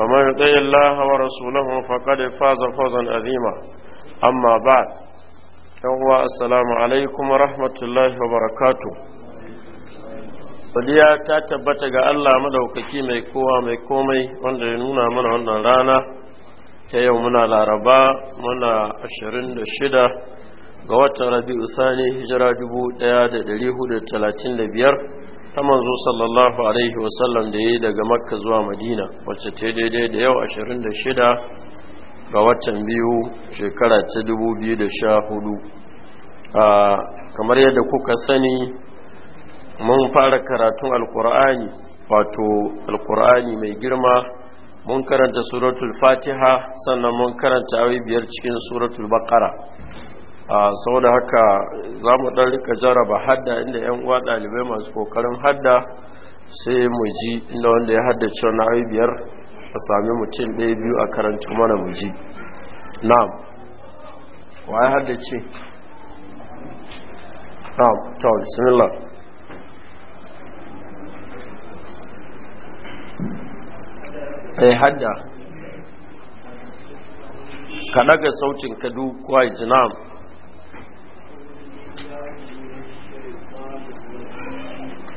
فمن يطع الله ورسوله فقد فاز فوزا عظيما أما بعد يوم السلام عليكم ورحمة الله وبركاته Sadiya ta tabbata ga Allah madaukaki mai kowa mai komai wanda ya nuna mana wannan rana ta yau muna laraba muna ashirin da shida, ga watan rabi'u sani hijira dubu da da da dari hudu talatin biyar. ta manzo sallallahu alaihi wasallam da ya daga makka zuwa madina wacce ta daidai da yau 26 ga watan biyu shekara ta 2014 kamar yadda kuka sani mun fara karatun alkur'ani wato alkur'ani mai girma mun karanta suratul fatiha sannan mun karanta awi biyar cikin suratul baqara saboda haka za mu ɗan rika jaraba hadda inda 'yan uwa ɗalibai masu kokarin hadda sai mu ji inda wanda ya hadda cewa ayi biyar a sami mutum ɗaya biyu a karanta mana mu ji na'am wa ya haddace na'am ta bismillah ai eh, hadda ka daga sautin kadu kwa wa ji na'am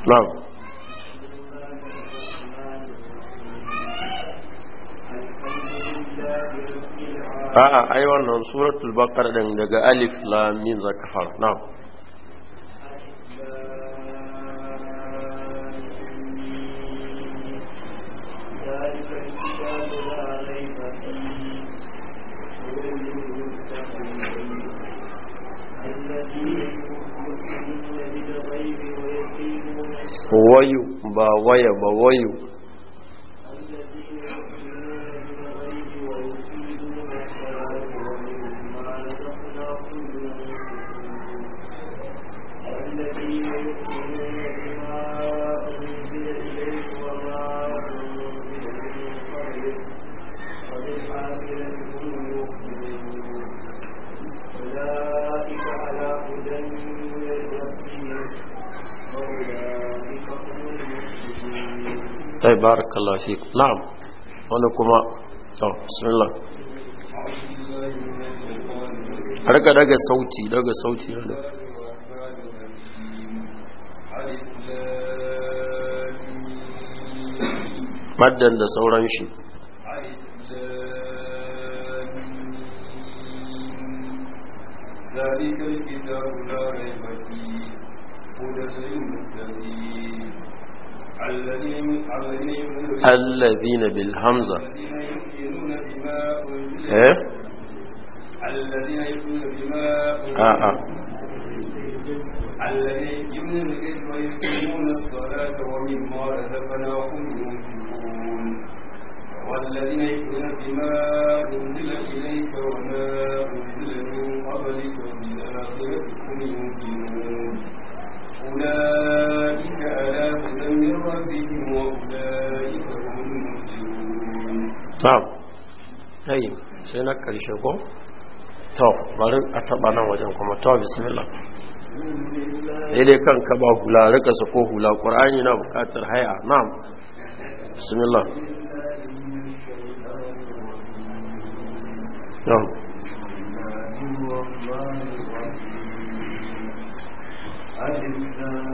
na'am a'a ai wannan suratul baqara din daga alif lam mim zaka fara na'am Thank you. wayu ba waya ba wayu wallahi barakallahu fi na'am wani kuma to bismillah harka daga sauti daga sauti da maddan da sauran shi ذلك الكتاب لا ريب فيه هدى للمهتدين الذين بالهمزة ايه الذين بما اه اه الذين يؤمنون بما أنزل إليك وما أنزل من قبلك وبالآخرة هم يوقنون أولئك na'am yi sai na karshe ko to bari a taba nan wajen kuma to bismillah daidai kan ka ba hula rika sako hula qur'ani na bukatar haya na'am bismillah na'am أجل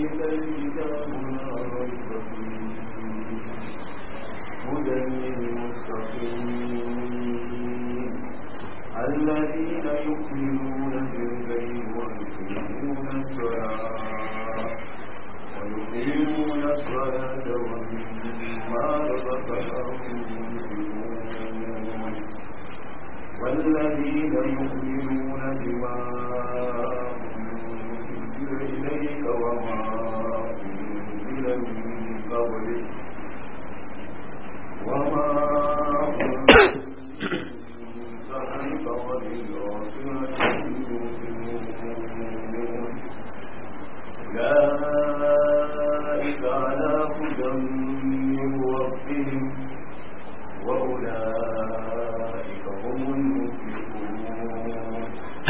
you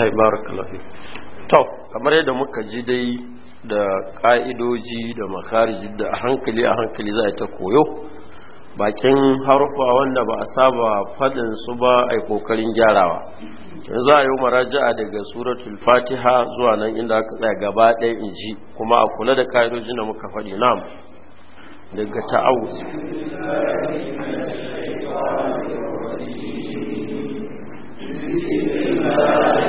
kai barakallahu to kamar yadda muka ji dai da ka'idoji da makariji da a hankali a hankali za a ta koyo bakin harufa wanda ba a saba faɗin su ba a kokarin gyarawa Za a yi maraja'a daga suratul fatiha zuwa nan inda aka tsaya gaba ɗaya in ji kuma a kula da ka'idojin da muka faɗi nam daga ta'awuz بسم الله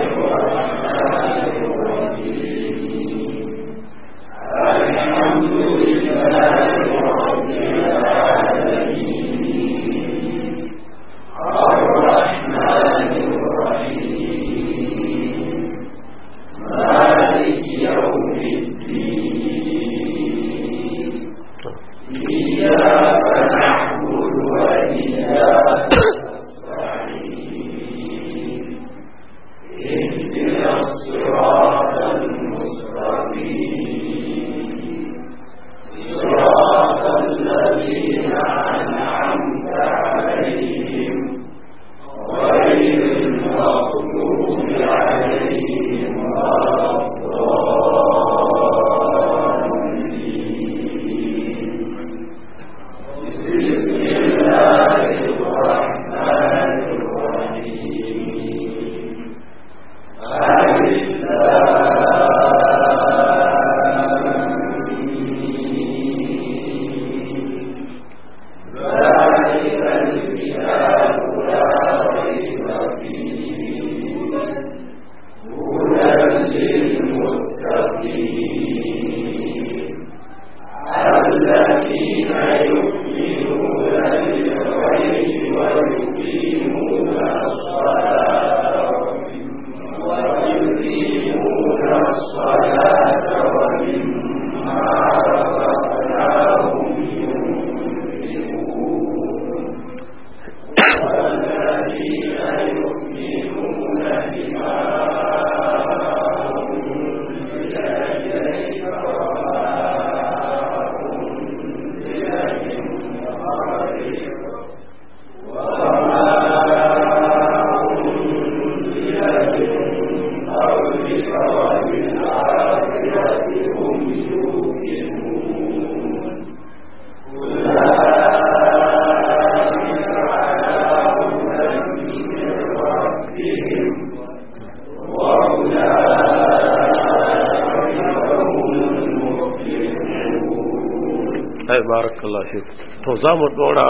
to za mu dora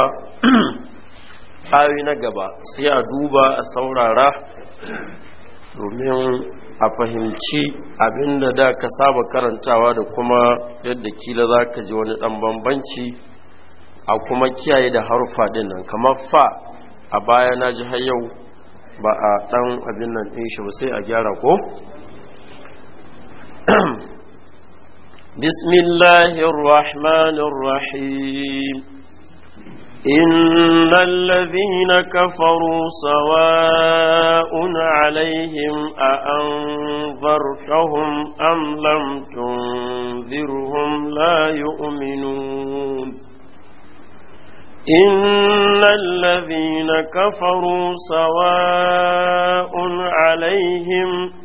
ayoyi na gaba sai a duba a saurara domin a fahimci abinda da ka saba karantawa da kuma yadda kila za ka ji wani dan bambanci a kuma kiyaye da harufa din nan kamar fa a baya na ji har yau ba a dan abin nan din shi ba sai a gyara ko بسم الله الرحمن الرحيم إن الذين كفروا سواء عليهم أأنذرتهم أم لم تنذرهم لا يؤمنون إن الذين كفروا سواء عليهم أأنذرتهم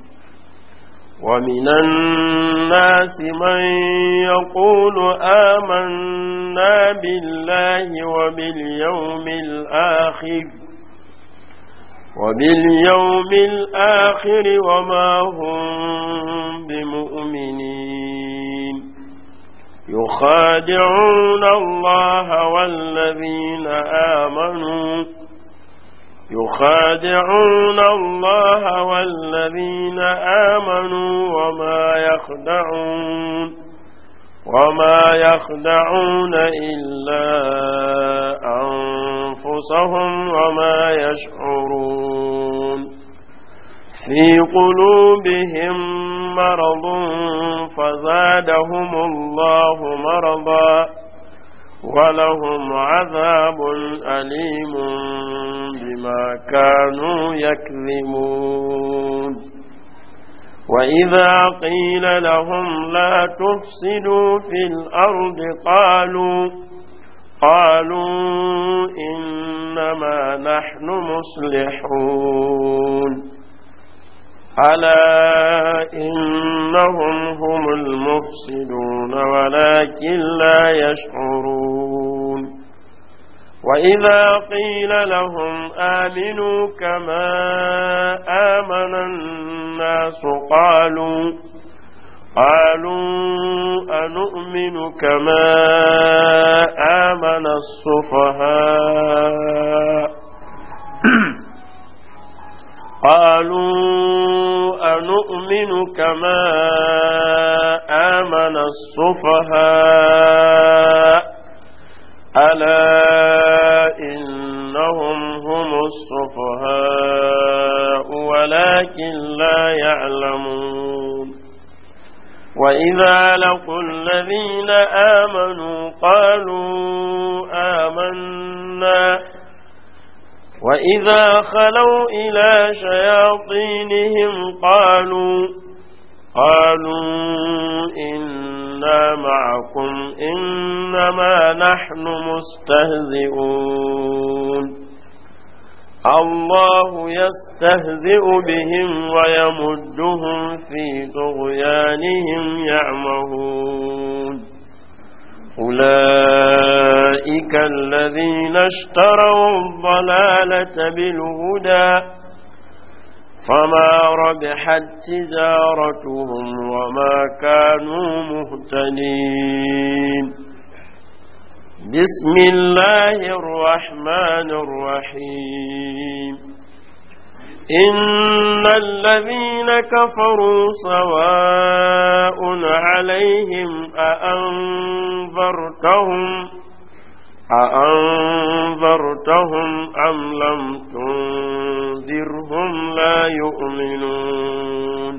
ومن الناس من يقول آمنا بالله وباليوم الآخر وباليوم الآخر وما هم بمؤمنين يخادعون الله والذين آمنوا يخادعون الله والذين آمنوا وما يخدعون وما يخدعون إلا أنفسهم وما يشعرون في قلوبهم مرض فزادهم الله مرضاً ولهم عذاب أليم بما كانوا يكذبون وإذا قيل لهم لا تفسدوا في الأرض قالوا قالوا إنما نحن مصلحون ألا إنهم هم المفسدون ولكن لا يشعرون وإذا قيل لهم آمنوا كما آمن الناس قالوا قالوا أنؤمن كما آمن السفهاء قالوا أنؤمن كما آمن السفهاء ألا إنهم هم السفهاء ولكن لا يعلمون وإذا لقوا الذين آمنوا قالوا آمنا وإذا خلوا إلى شياطينهم قالوا قالوا إنا معكم إنما نحن مستهزئون الله يستهزئ بهم ويمدهم في طغيانهم يعمهون أولئك الذين اشتروا الضلالة بالهدى فما ربحت تجارتهم وما كانوا مهتدين بسم الله الرحمن الرحيم إن الذين كفروا سواء عليهم أأنذرتهم أأنذرتهم أم لم تنذرهم لا يؤمنون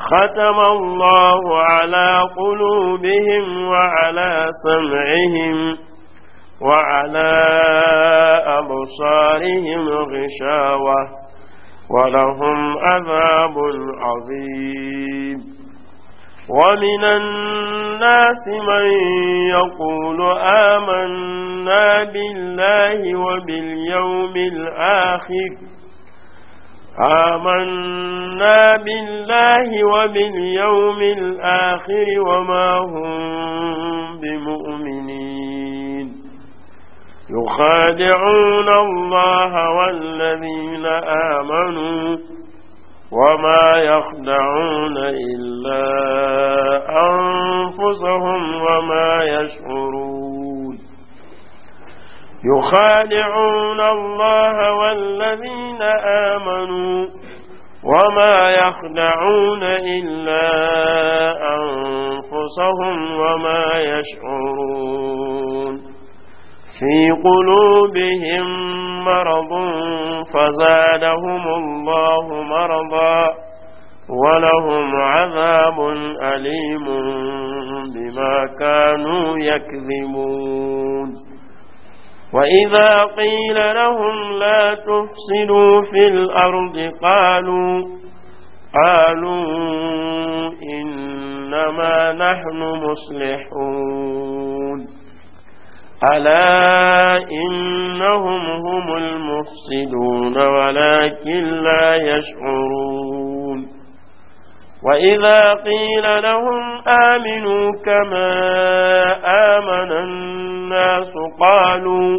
ختم الله على قلوبهم وعلى سمعهم وعلى أبصارهم غشاوة ولهم عذاب عظيم ومن الناس من يقول آمنا بالله وباليوم الآخر آمنا بالله وباليوم الآخر وما هم بمؤمنين يخادعون الله والذين آمنوا وما يخدعون إلا أنفسهم وما يشعرون يخادعون الله والذين آمنوا وما يخدعون إلا أنفسهم وما يشعرون في قلوبهم مرض فزادهم الله مرضا ولهم عذاب أليم بما كانوا يكذبون وإذا قيل لهم لا تفسدوا في الأرض قالوا قالوا إنما نحن مصلحون ألا إنهم هم المفسدون ولكن لا يشعرون وإذا قيل لهم آمنوا كما آمن الناس قالوا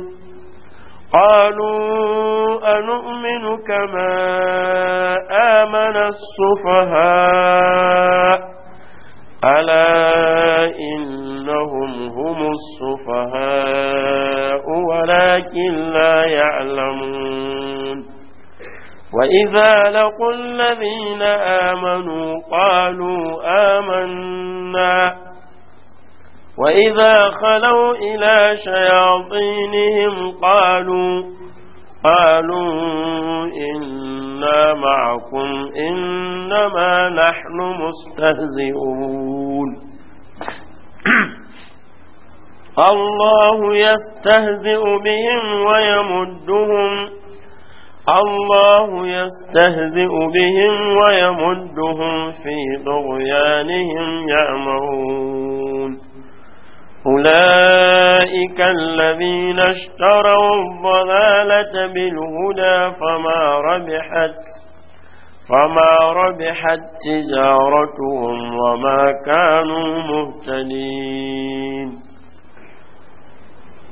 قالوا أنؤمن كما آمن السفهاء ألا إنهم هم السفهاء ولكن لا يعلمون وإذا لقوا الذين آمنوا قالوا آمنا وإذا خلوا إلى شياطينهم قالوا قالوا إنا معكم إنما نحن مستهزئون الله يستهزئ بهم ويمدهم الله يستهزئ بهم ويمدهم في طغيانهم يعمرون أولئك الذين اشتروا الضلالة بالهدى فما ربحت فما ربحت تجارتهم وما كانوا مهتدين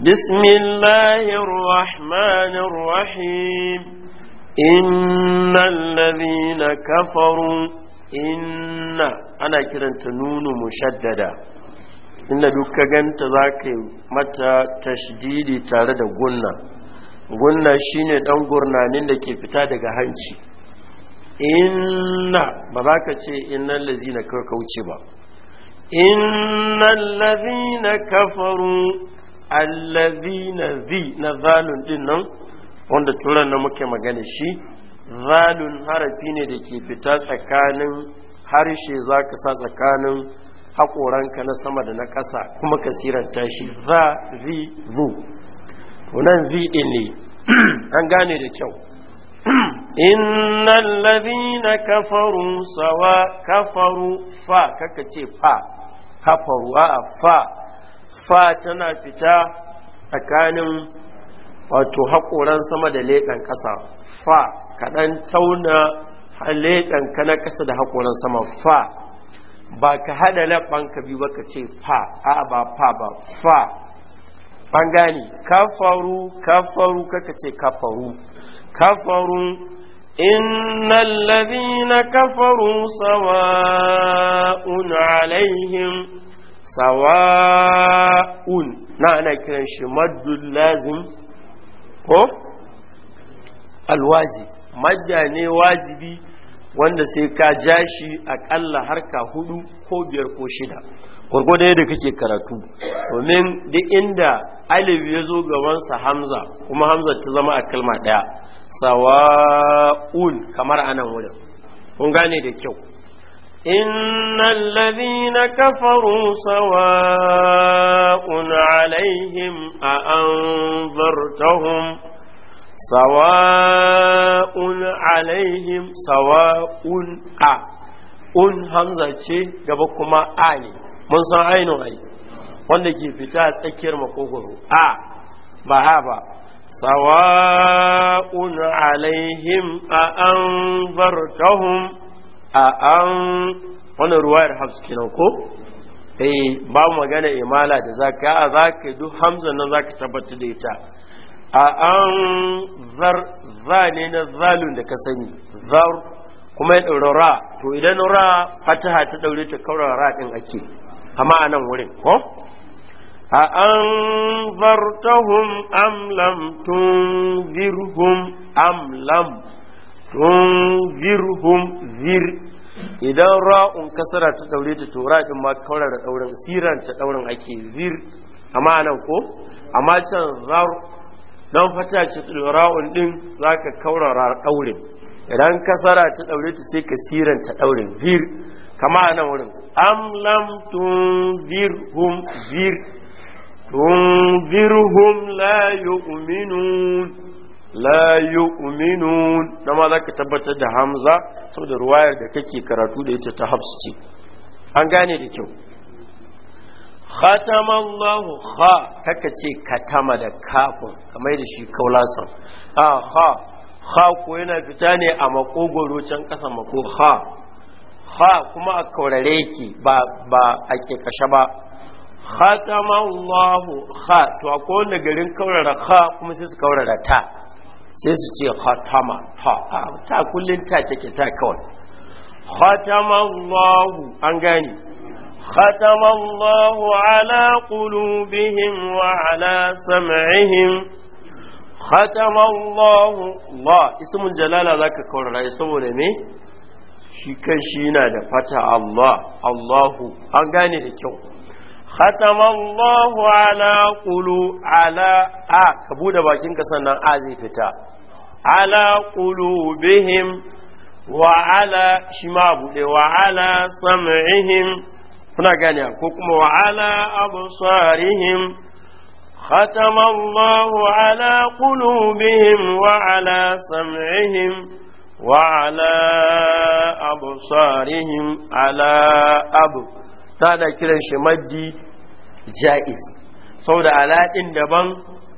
بسم الله الرحمن الرحيم إن الذين كفروا إن أنا كرنت نون مشددة inda duk ka ganta za ka yi mata tashdidi tare da gunna gunna shine dan gurnanin da ke fita daga hanci inna ba za ka ce inna lazina ka kauce ba lazi lazina kafaru na zi na zalun din nan wanda turan na muke magana shi zalun harafi ne da ke fita tsakanin harshe za ka sa tsakanin haƙoranka na sama da na ƙasa kuma ka siranta shi za zi zu nan zi ɗin ne an gane da kyau innan ladina kafaru sawa kafaru fa kaka ce fa kafaru a fa fa tana fita tsakanin wato haƙoran sama da leɗan ƙasa fa kaɗan tauna leƙen ka na ƙasa da haƙoran sama fa ba ka haɗa laban ka biyu ba ka ce fa a ba fa ba fa an kafaru kafaru kaka ce kafaru kafaru innal ladhina kafaru sawa'un alaihim sawa'un na ana kiran shi maddul lazim ko alwaji madda ne wajibi wanda sai ka ja shi aƙalla harka hudu ko biyar ko shida da yadda kake karatu domin da inda alif ya zo gabansa hamza kuma hamza ta zama a kalma ɗaya sawa'un kamar anan wurin kun gane da kyau innal ladhina kafaru sawa'un alaihim a an anzartahum sawa'un alaihim sawa'un a un hamza ce gaba kuma a ne mun san ainihin ai wanda ke fita a tsakiyar makogoro a ba ha ba sawa'un alaihim a an bartahum a an wani ruwayar hafsu kenan ko eh ba magana imala da zaka a zaka duk hamza na za ka tabbatar da ita a an zar za ne na zalun da ka sani zar kuma ya ɗaura ra to idan ra fataha ta ɗaure ta kaura ra ɗin ake amma a nan wurin ko a an tahun amlam tun tunzirhum amlam tun tunzirhum zir idan ra'un kasara ta ɗaure ta to ɗin ma kaura da ɗaurin siran ta ɗaurin ake zir amma nan ko amma can zar don fata ci ra'un din za ka kaurara ɗaurin idan kasara ta ɗaure ta sai ka siranta ɗaurin Zir kama a nan wurin am lam tun virhum vir tun la yu'minun la yu'minun dan ma za tabbatar da hamza saboda ruwayar da kake karatu da ita ta hafsu ce an gane da kyau khatamallahu kha kaka ce katama da kafin kamar da shi kaulasan a ha ha ko yana fita ne a makogoro can kasa mako ha ha kuma a kaurare ki ba ba a ke kashe ba khatamallahu ha to a kowane garin kaurara ha kuma sai su kaurara ta sai su ce khatama ta ta kullun ta take ta kawai khatamallahu an gani ختم الله على قلوبهم وعلى سمعهم ختم الله الله اسم الجلالة ذاك كون رأي سبولة مي شكا شينا دفتا الله الله أغاني لكيو ختم الله على قلو على آ كبودة باكين كسانا آزي فتا على قلوبهم وعلى شمابه وعلى سمعهم kuna gane ko kuma wa ala absarihim ختم الله على قلوبهم وعلى ala وعلى أبصارهم على أب هذا كلا شمدي جائز saboda ala'in daban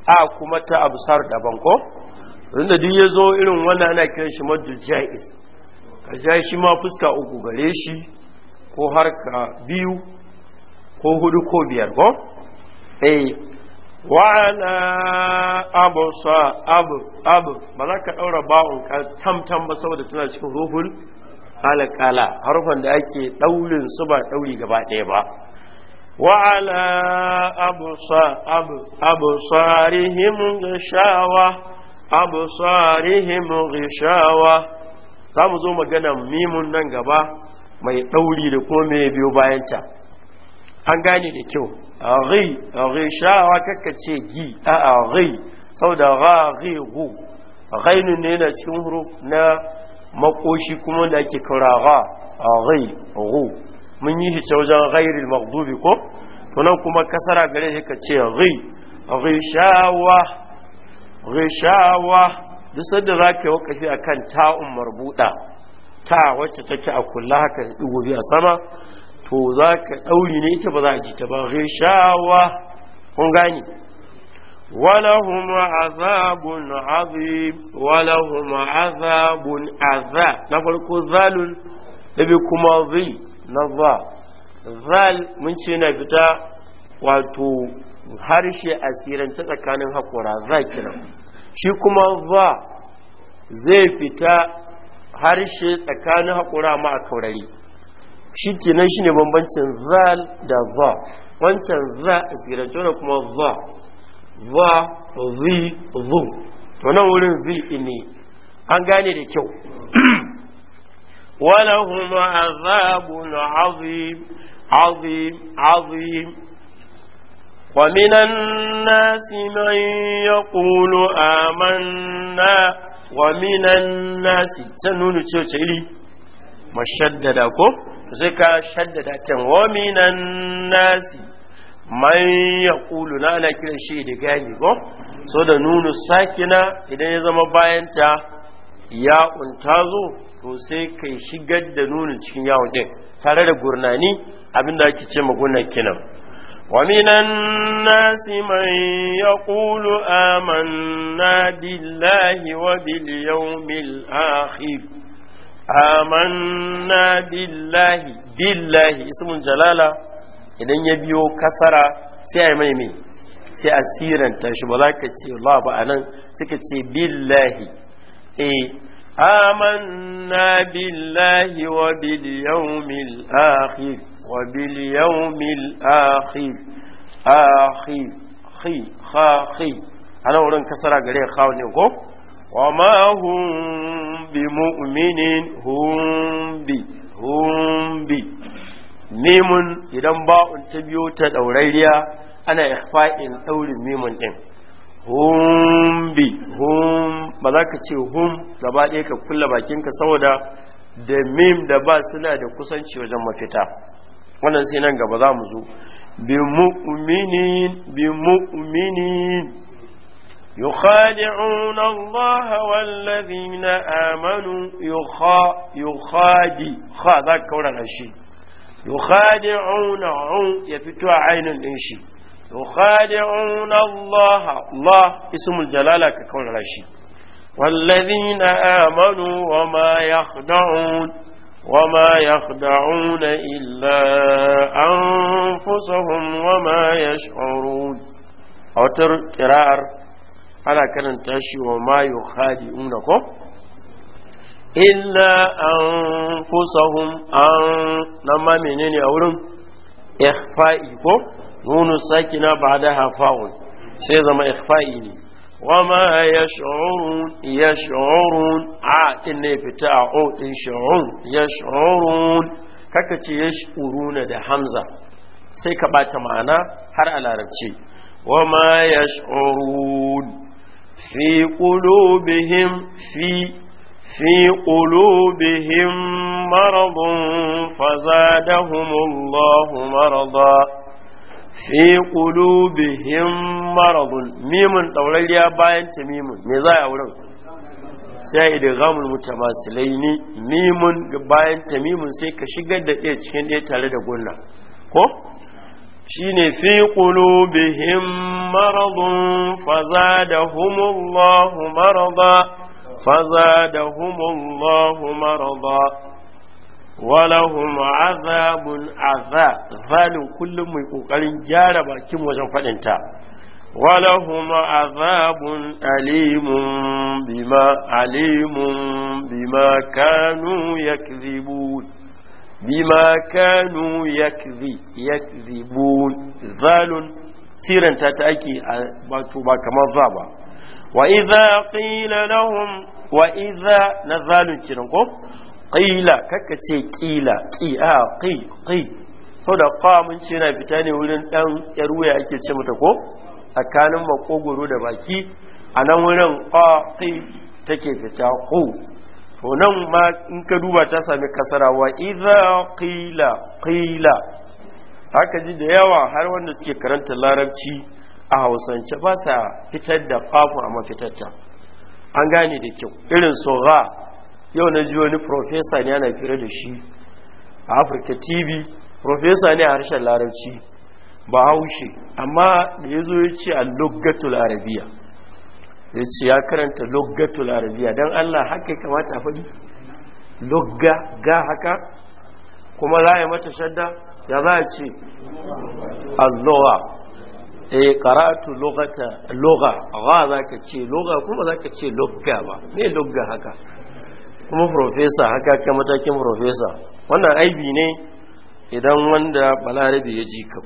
a kuma ta absar daban ko inda duk ya zo irin wannan ana kiran shi maddi jaiz ka ja shi ma fuska uku gare shi ko har ka biyu ko hudu ko biyar ko eh wa'ala abu sa abu abu ba za ka ɗaura ka tamtam ba saboda tana cikin ruhul alƙala harufan da ake ɗaurin su ba ɗauri gaba ɗaya ba wa'ala abu sa abu abu sarihim gishawa abu sarihim gishawa za mu zo maganan mimun nan gaba mai ɗauri da kuma mai biyo bayanta an gane da kyau a rai a rai sha'awa kakka ce gi a a rai sau da ra rai gu rainu ne na cikin huruf na makoshi kuma da ake a rai gu mun yi shi ta wajen ghairil maghdubi ko to kuma kasara gare shi ka ce rai rai sha'awa rai sha'awa duk sanda za ka yi wakafi akan ta'un marbuɗa ta wacce take a kulla haka gobe a sama to za ka ɗauri ne ita ba za a ji ta ba rishawa kun gani walahun azabun azib walahun azabun azab na farko zalun da bi kuma zai na za zal mun ce na fita wato harshe asirance tsakanin hakora za kiran shi kuma za zai fita harshe tsakanin haƙura ma a kaurari shi nan shi ne bambancin zal da za wancan za a tsirance wani kuma za za zi zu to nan wurin zi ne an gane da kyau ولهم عذاب azim عظيم عظيم ومن الناس من يقول آمنا wa nasi can nunu ce wace iri mashaddada ko to sai ka shaddada can wa nasi man Kulu na ana kiran shi da gani ko so da nunu sakina idan ya zama bayanta ta ya unta to sai kai shigar da nuna cikin yawon din tare da gurnani abinda ake ce maguna kinan ومن الناس من يقول آمنا بالله وباليوم الآخر آمنا بالله بالله اسم الجلالة idan ya biyo kasara sai a mai mai sai a siranta shi ba za ka ce Allah ba anan suka ce billahi eh آمنا بالله وباليوم الآخر وباليوم الآخر آخر خي خاخي أنا أقول كسرة غير خاوني وما هم بمؤمنين هم بي هم بي ميم إذا باء تبيوت أو ريليا أنا إخفاء أول ميم إن humbi hum ba za ka ce hum gaba ɗaya ka kulla bakinka saboda da mim da ba suna da kusanci wajen mafita wannan sai nan gaba za mu zo bi mu'minin bi mu'minin يخادعون الله والذين آمنوا يخا يخادي خا ذاك كورا الشيء يخادعون يفتوى عين الإنشي يخادعون الله الله اسم الجلالة ككون الشيء والذين آمنوا وما يخدعون وما يخدعون إلا أنفسهم وما يشعرون أو قراءة على كلمة تشي وما يخادعونكم إلا أنفسهم أن نما منين أولم إخفائكم nunu sakina ba da hafa'un sai zama ikhfa'i ne wama ya sha'urun ya sha'urun a ɗin ne fita a o ɗin sha'urun ya sha'urun kaka ya sha'uruna da hamza sai ka ɓata ma'ana har a larabci wama ya sha'urun fi qulubihim fi في قلوبهم مرض فزادهم الله مرضا fi qulubihim maradun mimun daurariya bayan ta mimun me za a wurin sai idan idghamul mutamasilaini mimun bayan ta mimun sai ka shigar da ɗaya cikin ɗaya tare da gunna ko shine fi qulubihim maradun fazadahumullahu marada fazadahumullahu marada walahum azabun azab kullum mai kokarin gyara bakin wajen faɗinta walahum azabun alimun bima alimun bima kanu yakzibun bima kanu yakzi yakzibun zalun siranta ta ake wato ba kamar za ba wa idza qila lahum wa idza nazalun kiran ko ƙila kakka ce ƙila a qi qi so da mun ce na fita ne wurin ɗan yar wuya ake ce mata ko tsakanin makogoro da baki a nan wurin qi take fita ko to nan ma in ka duba ta sami wa idza ƙila qila haka ji da yawa har wanda suke karanta larabci a hausance ba sa fitar da kwafin a mafitatta an gane da kyau irin so yau na ji wani profesa ne ana fira da shi a afirka tv profesa ne a harshen larabci ba haushe amma da ya zo ya ce a logatul arabiya ya ce ya karanta logatul arabiya don allah haka ya kamata a faɗi logga ga haka kuma za a yi mata shadda ya za a ce allowa e eh, karatu logata loga za ka ce loga kuma za ka ce logga ba ne logga haka kuma profesa haka ka matakin profesa wannan aibi ne idan wanda balarabe ya ji ka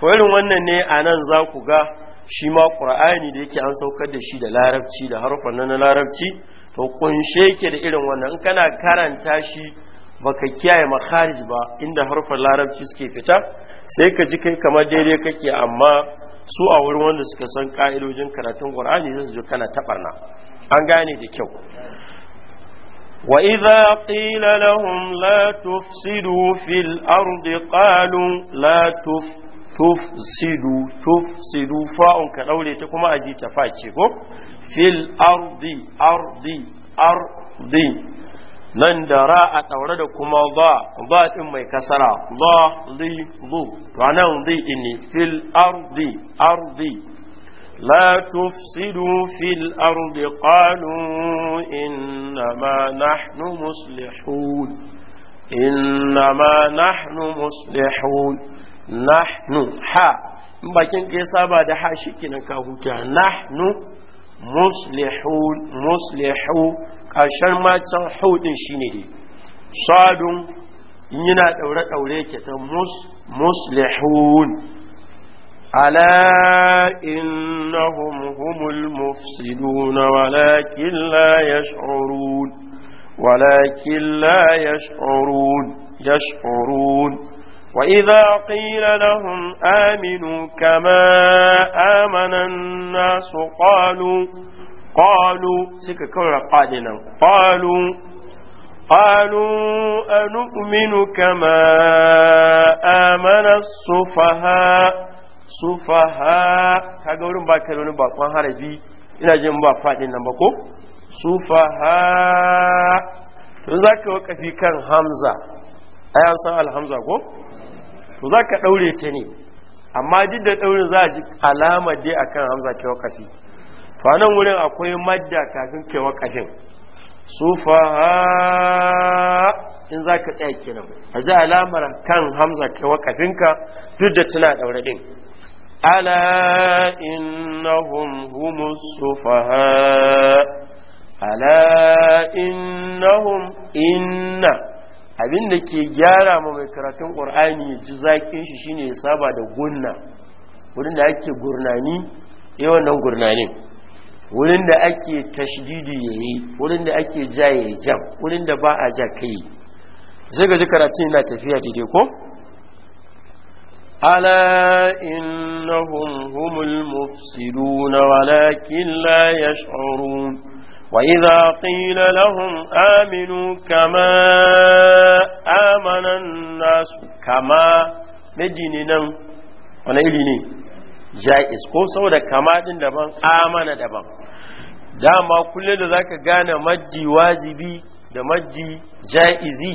to irin wannan ne a nan za ku ga shi ma ƙur'ani da yake an saukar da shi da larabci da harfan na larabci to kunshe ke da irin wannan in kana karanta shi baka kiyaye makharij ba inda harfan larabci suke fita sai ka ji kai kamar daidai kake amma su a wurin wanda suka san ka'idojin karatun qur'ani zai ji kana taɓarna, an gane da kyau وإذا قيل لهم لا تفسدوا في الأرض قالوا لا تف تفسدوا تفسدوا فاء كالأولي تكما أجي تفاتشكو في الأرض أرض أرض nan da ra'a tsaure da kuma ba ba din mai kasara ba li zu ranan zai ne fil ardi ardi لا تفسدوا في الأرض قالوا إنما نحن مصلحون إنما نحن مصلحون نحن حا bakin ka ya saba da ha shi kenan ka huta nahnu muslihun muslihu kashan ma can hudin shine dai sadun yana daure daure ke muslihun ألا إنهم هم المفسدون ولكن لا يشعرون ولكن لا يشعرون يشعرون وإذا قيل لهم آمنوا كما آمن الناس قالوا قالوا سككون قادنا قالوا قالوا أنؤمن كما آمن السفهاء sufaha ga wurin ba kai wani bakon harafi ina jin ba faɗin nan ba ko sufaha to za ka wakafi kan hamza a an san alhamza ko to za ka ɗaure ta ne amma duk da ɗaure za a ji alama dai akan hamza ke wakafi to nan wurin akwai madda kafin ke wakafin sufaha in za ka tsaya kenan a ji alamar kan hamza ke wakafinka duk da tana ɗaure ɗin ألا إنهم هم السفهاء ألا إنهم إن abin da ke gyara ma mai karatun ƙur'ani ya ji zaƙin shi shine ya saba da gunna wurin da ake gurnani ya wannan gurnanin wurin da ake tashdidi ya yi wurin da ake ja ya jam wurin da ba a ja kai zai gaji karatun na tafiya daidai ko ألا إنهم هم المفسدون ولكن لا يشعرون وإذا قيل لهم آمنوا كما آمن الناس كما مجننا ونأليني جائز كون سوى كما دين دبان آمن دبان dama kullum da zaka gane majji wajibi da majji ja'izi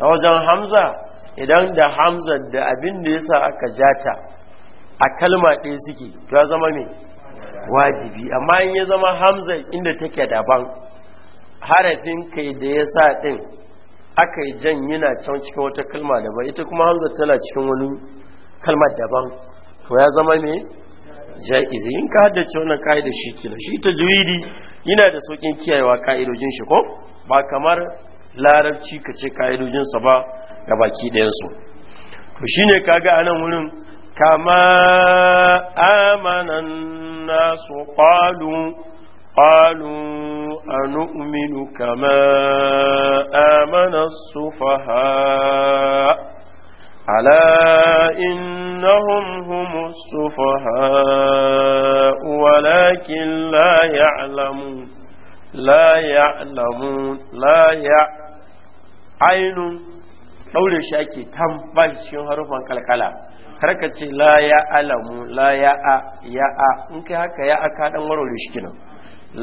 a wajen hamza idan da hamza da abin da yasa aka jata a kalma ɗaya suke to ya zama ne wajibi amma in ya zama hamza inda take daban harafin kai da ya sa ɗin aka yi jan yana can cikin wata kalma daban ita kuma hamza tana cikin wani kalma daban to ya zama ne ja'izi in ka haddace wannan ka'ida shi kila shi ta juridi yana da saukin kiyayewa ka'idojin shi ko ba kamar larabci ka ce ka'idojinsa ba ga baki ɗayansu to shine kaga a nan wurin kama amanan nasu qalu a nu'minu kama amana sufaha ala إنهم هم السفهاء ولكن walakin la لا la لا la عين daure shi ake tam ba shi cikin harufan kalkala karka ce la ya alamu la ya a ya a in kai haka ya aka dan warware shi kenan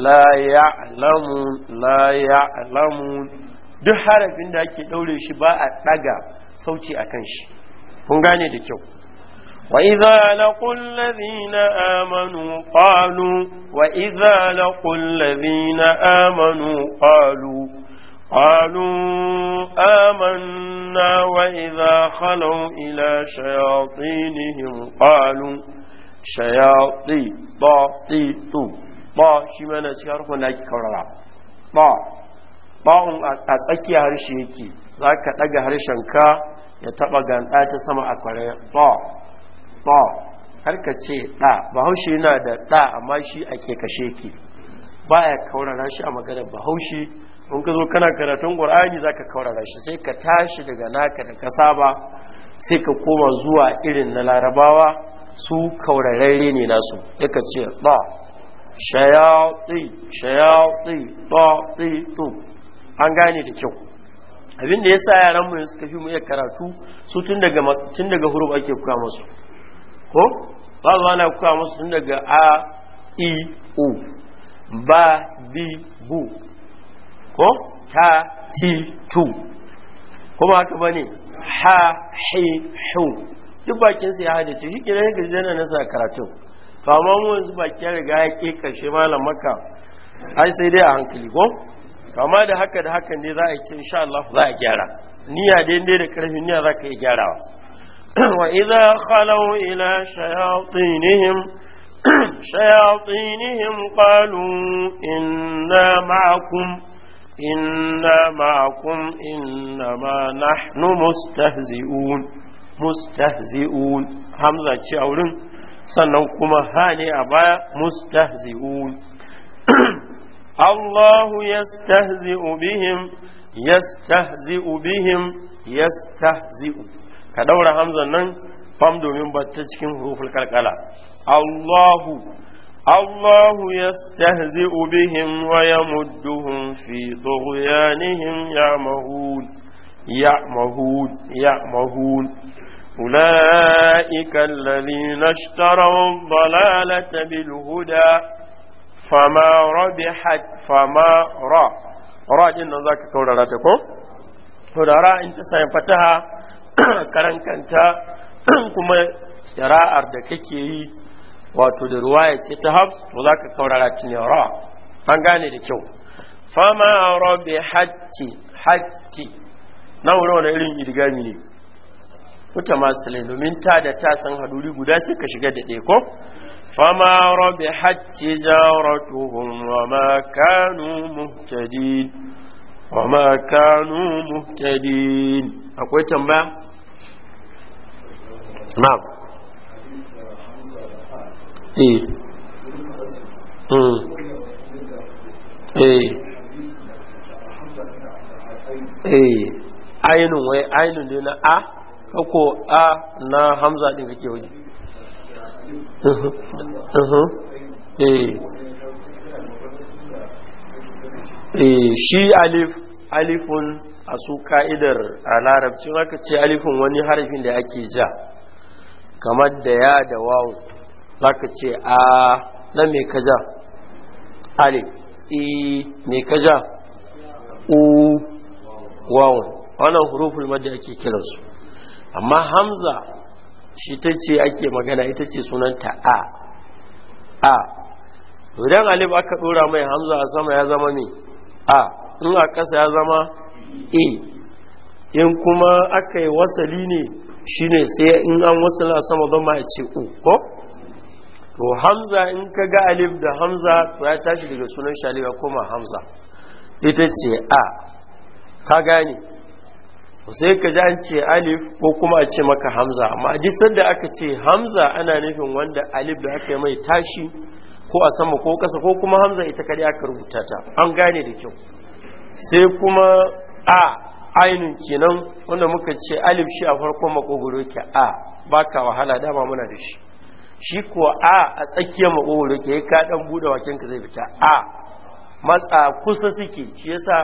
la ya alamu la ya alamu duk harafin da ake daure shi ba a daga sauci akan shi kun gane da kyau وإذا لقوا الذين آمنوا قالوا وإذا لقوا الذين آمنوا قالوا قالوا آمنا وإذا خلوا إلى شياطينهم قالوا شياطين طا طي طو طا شي ما نسي حرف ناك كررا طا طا a tsakiyar harshe yake zaka daga harshen ka ya taba ganda ta sama a kware ba ba har ka ce da bahaushe yana da ɗa, amma shi ake kashe ki kaurara shi a maganar bahaushe in ka zo kana karatun ƙur'ani za ka kaurara shi sai ka tashi daga naka da ka saba sai ka koma zuwa irin na larabawa su kaurararre ne nasu ka ce ba shayatsi ba tsi to an gane da kyau abinda da ya sa yaran mu suka fi mu iya karatu su tun daga tun huruf ake kuka musu ko ba zuwa na kuka musu tun daga a i u ba bi bu ko ta ti tu kuma haka bane ha hi hu duk bakin sai ya ce shi kenan ya na nasa karatu to amma mu yanzu baki ya riga ya ke karshe malam maka ai sai dai a hankali ko kama da haka da hakan ne za a ce insha Allah za a gyara niyya dai dai da karfin niyya za ka iya gyarawa wa idza khalu ila shayatinihim shayatinihim qalu inna ma'akum inna ma'akum inna ma nahnu mustahzi'un mustahzi'un hamza ce a wurin sannan kuma ha a baya mustahzi'un Allahu yastahzi'u bihim yastahzi'u bihim yastahzi'u ka ɗaura Hamza nan fam domin bata cikin hurufin ƙalƙala, Allahu الله يستهزئ بهم ويمدهم في طغيانهم يعمهون يعمهون يعمهون أولئك الذين اشتروا الضلالة بالهدى فما ربحت فما را را جنة ذاك كورا لاتكو كورا را انت سيفتها فتها كرنكنتا كما يرى أردككي wato da ya ce ta hafs to za ka saurara ta ne rawa an gane da kyau fama rabbi hatti hatti na wuri wani irin idigami ne kuta masu lai domin ta da ta san haduri guda sai ka shiga da ɗaya ko fama rabbi hatti jaratuhum wa ma kanu muhtadin wa ma kanu muhtadin akwai tambaya na'am eh, hmm. eh. eh. ainun wai ainun ne na a ko a na hamza din kake waje eh. shi alif alifun a su ka'idar a larabcin aka ce alifun wani harafin da ake ja kamar da ya da wawu zaka ce a nan ka kaja alif i ka kaja u wawon wannan huruful madda ake kiransu amma hamza shi ta ce ake magana ita ce sunanta a a idan alif aka dora mai hamza a sama ya zama ne a in a ƙasa ya zama e in kuma aka yi wasali ne shine sai in an wasala sama zama ya ce u ko to hamza in ka ga alif da hamza to ya tashi daga sunan shalif ya koma hamza ita ce a ka gane sai ka ji an ce alif ko kuma a ce maka hamza amma duk sanda aka ce hamza ana nufin wanda alif da aka yi mai tashi ko a sama ko kasa ko kuma hamza ita kadai aka rubuta ta an gane da kyau sai kuma a ainun kenan wanda muka ce alif shi a farkon makogoro ke a baka wahala dama muna da shi shi ko a a tsakiyar makogoro ke ka ɗan buɗe wakin ka zai fita a matsa kusa suke shi sa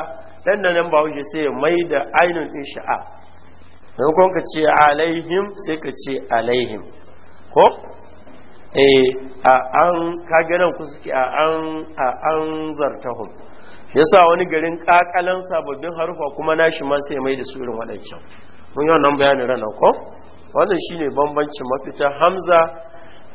ɗan da nan bawo sai ya mai da ainihin din shi a don ka ce alaihim sai ka ce alaihim ko eh a an ka kusa suke a an a an zartahum shi yasa wani garin ƙaƙalan sababbin harufa kuma nashi ma sai mai da su irin waɗancan mun yi wannan bayanin ranar ko wannan shine bambancin mafita hamza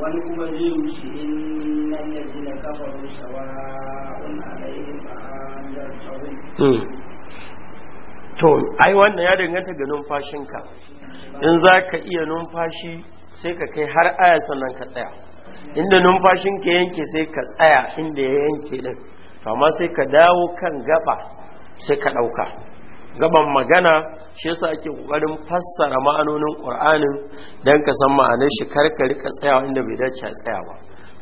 wani kuma zai wuce in nan ya zina kafaru sawa'un alaihim a hanyar tsawon hmm. to ai wannan ya danganta ga numfashinka in za ka iya numfashi sai ka kai har aya sannan ka tsaya inda numfashinka yanke sai ka tsaya inda ya yanke din amma sai ka dawo kan gaba sai ka ɗauka gaban magana shi yasa ake kokarin fassara ma'anonin qur'anin dan ka san ma'anar shi karkari ka tsayawa inda bai dace a tsaya ba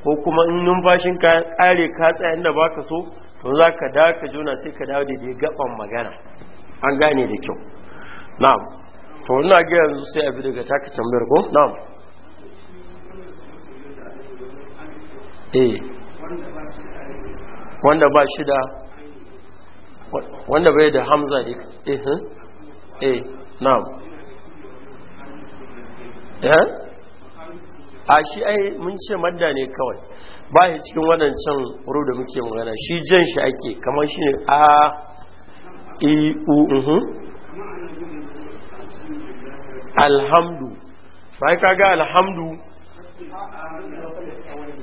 ko kuma in numfashin ka kare ka tsaya inda baka so to zaka da ka jona sai ka dawo da gaban magana an gane da kyau na'am to ina ga yanzu sai a bi daga taka tambayar ko na'am eh wanda ba shi da wanda bai da hamza eh, eh na'am eh a shi ai mun ce madda ne kawai ba shi cikin wadancan ru da muke magana shi jan shi ake kamar shi ne a i e, u uhu alhamdu ka kaga alhamdu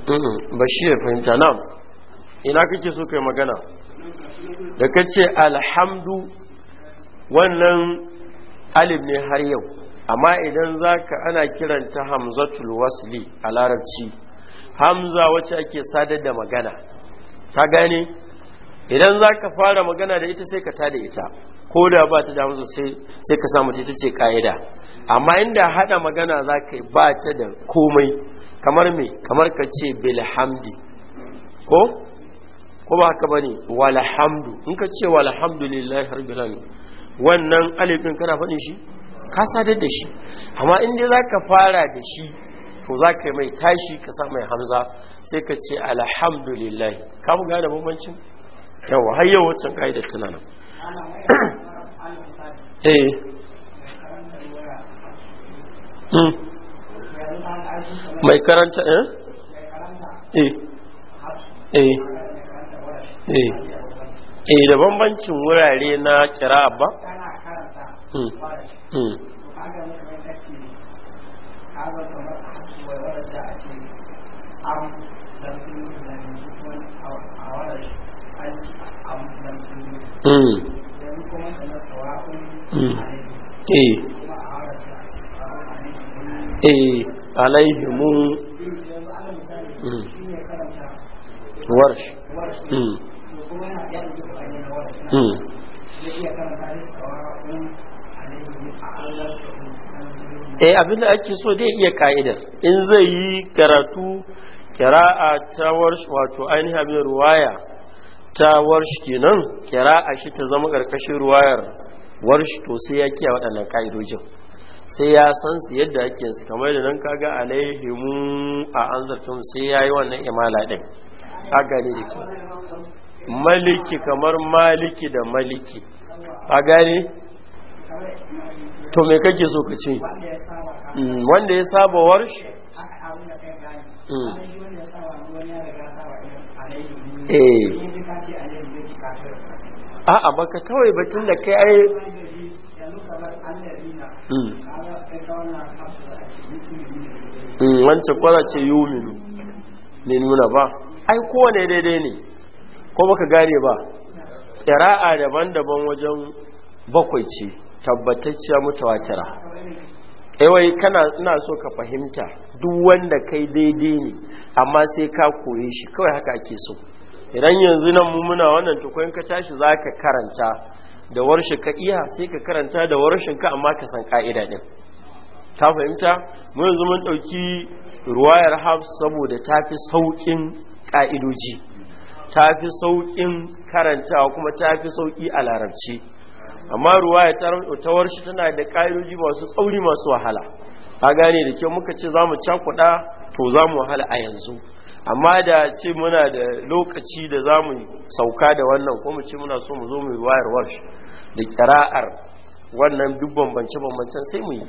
ba mm-hmm. shi ya fahimta na ina kake so kai magana da ka ce alhamdu wannan alif ne har yau amma idan za ka ana kiranta hamzatul wasli a larabci hamza wacce ake sadar da magana ta gane idan za ka fara magana da ita sai ka tada ita ko da ba ta da hamza sai ka samu ita ce ka'ida amma inda hada magana zaka yi ba ta da komai kamar me kamar ka ce bilhamdi ko ko ba haka bane walhamdu in ka ce walhamdulillahi rabbil alamin wannan alifin kana fadin shi ka sadar da shi amma in dai zaka fara da shi to zaka mai tashi ka sa mai hamza sai ka ce alhamdulillahi ka mu gane bambanci yawa har yau wancan kaidar tana nan eh. Hmm. eh mai karanta eh eh Eh. eh da bambancin wurare na kira ba alaihimun warsh Hmm. eh abinda ake so dai iya ka'idar in zai yi karatu kira'a ta warsh wato ainihin abin ruwaya ta warsh kenan kira'a shi ta zama karkashin ruwayar warsh to sai ya kiya waɗannan ka'idojin sai ya san su yadda ake su kamar da nan kaga alaihimu a anzartum sai ya yi wannan imala ɗin a gane da ke maliki kamar maliki da maliki a gane to me kake so ka ce mm, wanda ya saba warsh mm. eh. a'a baka kawai batun da kai ai mm. wancan kwara ce yi ne nuna ba ai kowane daidai ne ko baka gane ba ƙira'a daban-daban wajen bakwai ce tabbatacciya mutawatira yawai eh kana ina so ka fahimta duk wanda kai daidai ne amma sai ka koye shi kawai haka ake so idan yanzu nan mumuna wannan tukwai ka tashi za ka karanta da warshe ka iya sai ka karanta da warshen ka amma ka san ka'ida din ta fahimta mu yanzu mun ɗauki ruwayar hafs saboda ta fi sauƙin ƙa'idoji ta fi sauƙin karantawa kuma ta fi sauƙi a larabci amma ruwaya ta shi tana da ƙa'idoji masu tsauri masu wahala a gane da kyau muka ce za mu cakuɗa to za mu wahala a yanzu amma da ce muna da lokaci da za mu sauka da wannan ko mu ce muna so mu zo mu ruwayar warsh da kira'ar wannan duk bambance-bambancen sai mu yi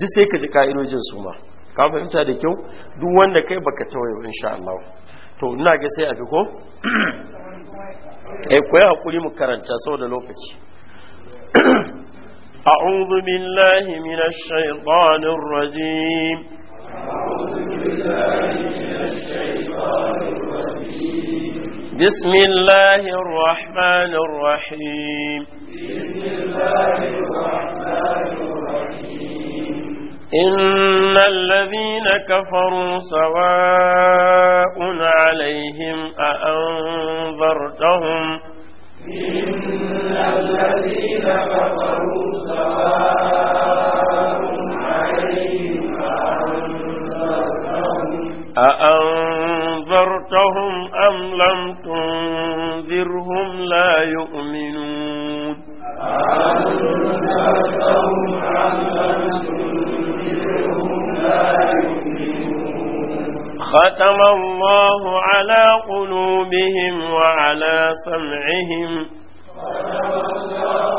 duk sai ka ji ka'idojin su ma ka fahimta da kyau duk wanda kai baka tawaye insha Allah to ina ga sai a fi ko eh koyi hakuri mu karanta saboda lokaci أعوذ بالله من الشيطان الرجيم أعوذ بالله من الشيطان الرجيم بسم الله الرحمن الرحيم بسم الله الرحمن الرحيم إن الذين كفروا سواء عليهم أأنذرتهم إن الذين كفروا سواء عليهم أأنذرتهم أأنذرتهم أم لم تنذرهم لا يؤمنون ختم الله على قلوبهم وعلى سمعهم ختم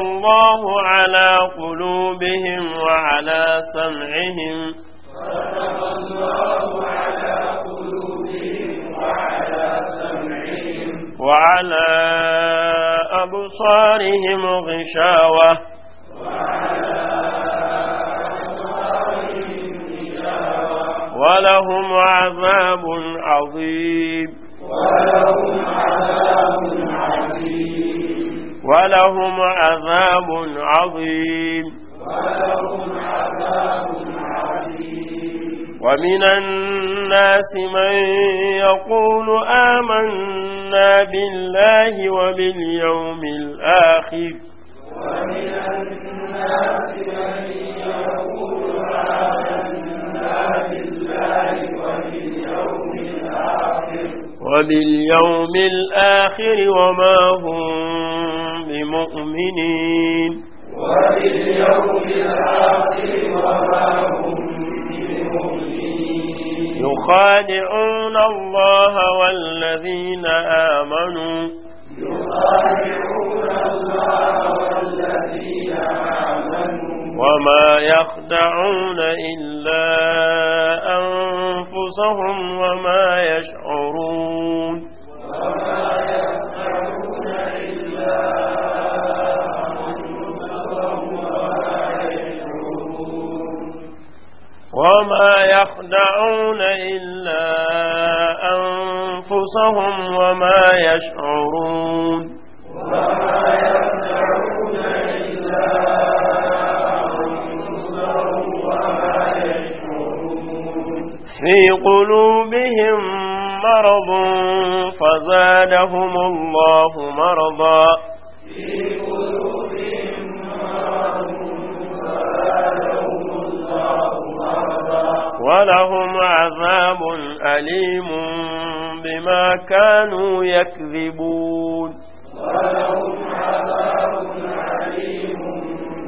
الله على قلوبهم وعلى سمعهم ختم الله على قلوبهم وعلى سمعهم وعلى أبصارهم غشاوة ولهم عذاب عظيم ولهم عذاب عظيم ولهم عذاب عظيم ولهم عذاب عظيم ومن الناس من يقول آمنا بالله وباليوم الآخر ومن الناس بالله وباليوم الآخر وباليوم الآخر وما هم بمؤمنين وباليوم الآخر وما هم يخادعون الله والذين آمنوا وما يخدعون إلا أنفسهم وما يشعرون وما يخدعون إلا أنفسهم وما يشعرون وما يخدعون إلا أنفسهم وما يشعرون في قلوبهم مرض فزادهم الله مرضا ولهم عذاب أليم بما كانوا يكذبون ولهم عذاب أليم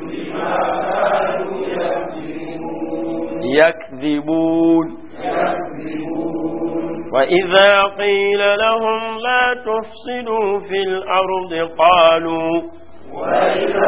بما كانوا يكذبون يكذبون, يكذبون وإذا قيل لهم لا تفسدوا في الأرض قالوا وإذا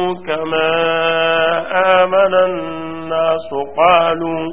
الناس قالوا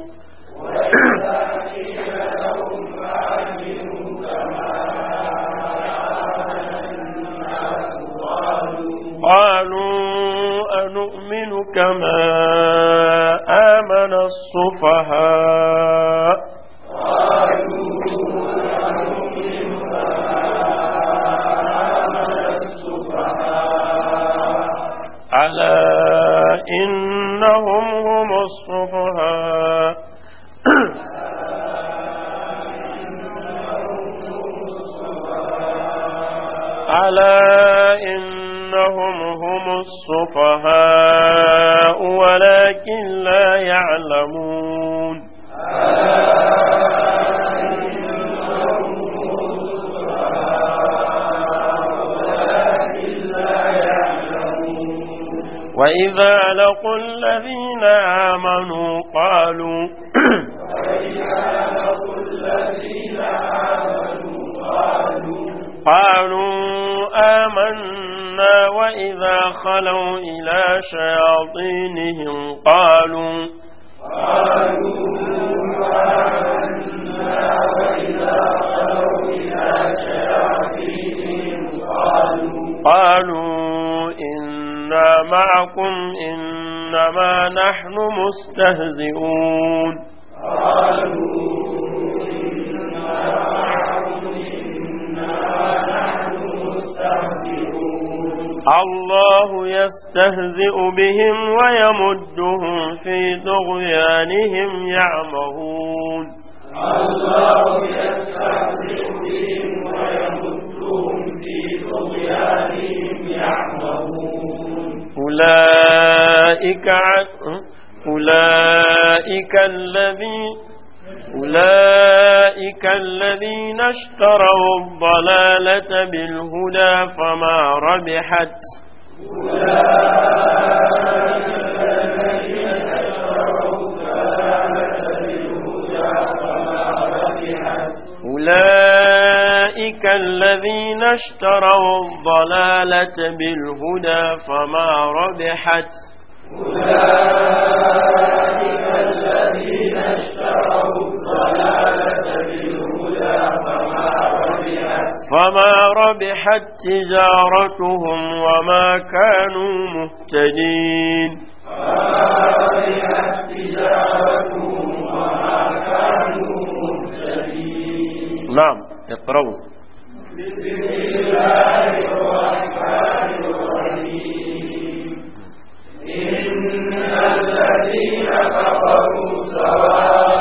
وَإِذَا يستهزئون قالوا الله يستهزئ بهم أولئك الذين اشتروا الضلالة بالهدى فما ربحت أولئك الذين اشتروا الضلالة بالهدى فما ربحت أولئك فما ربحت تجارتهم وما كانوا مهتدين نعم اقرأوا بسم الله الرحمن الرحيم إن الذين كفروا سواء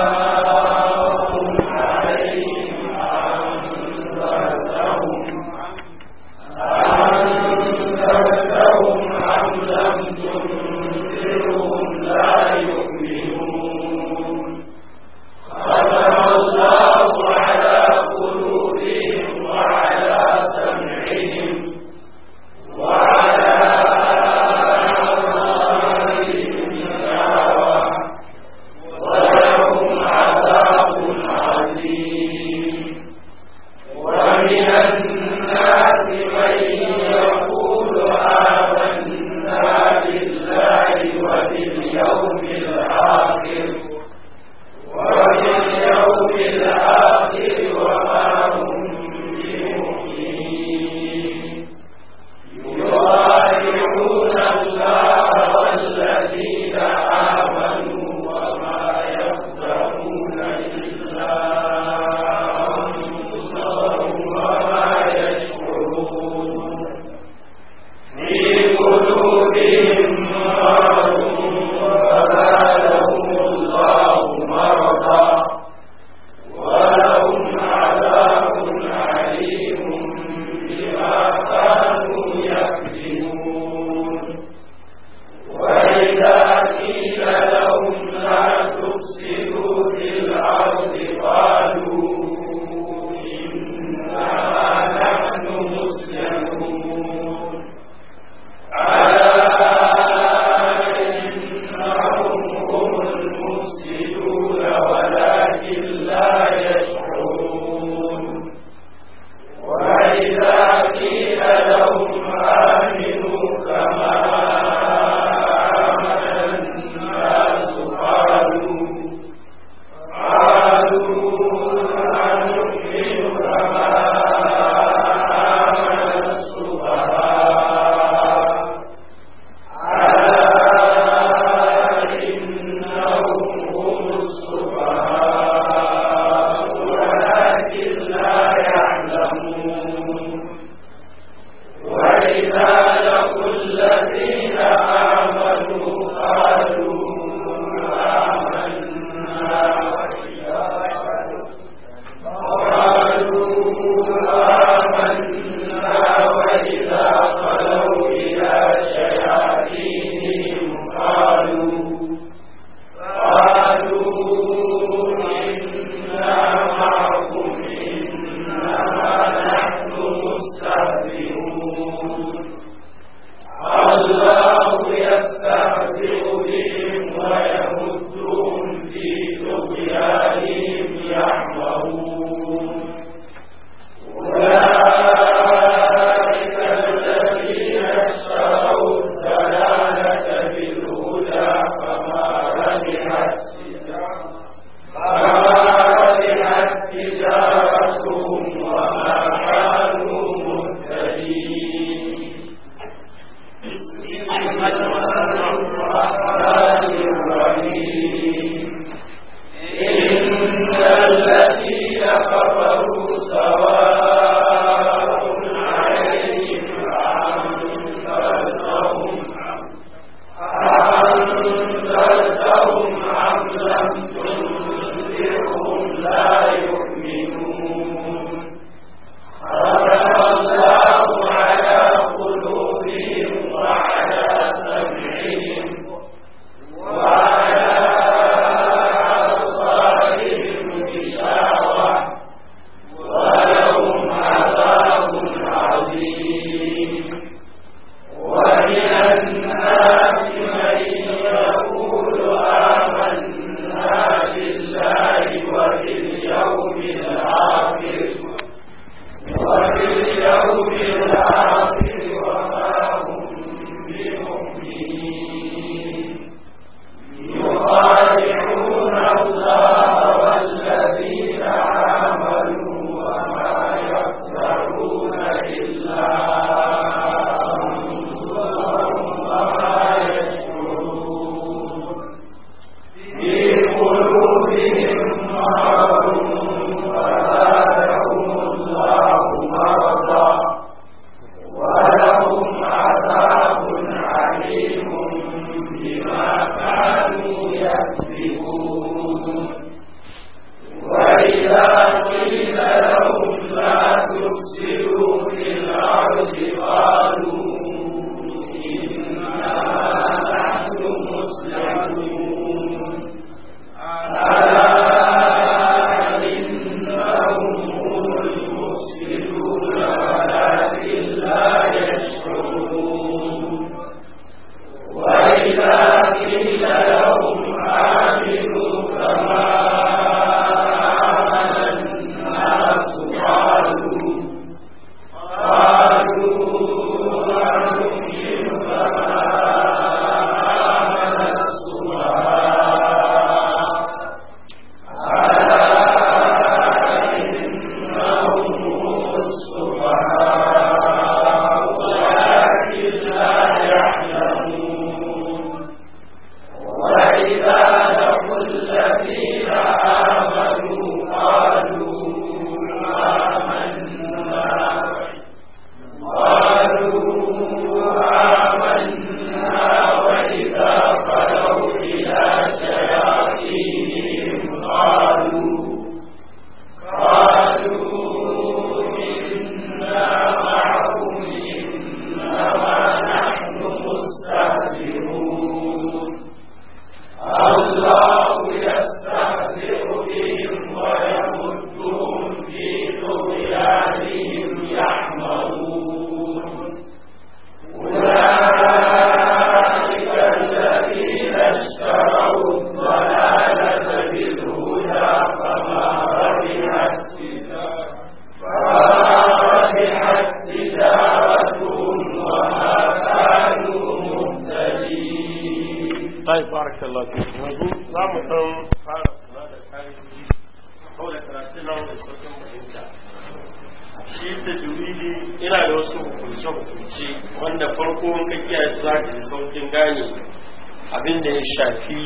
abin da ya shafi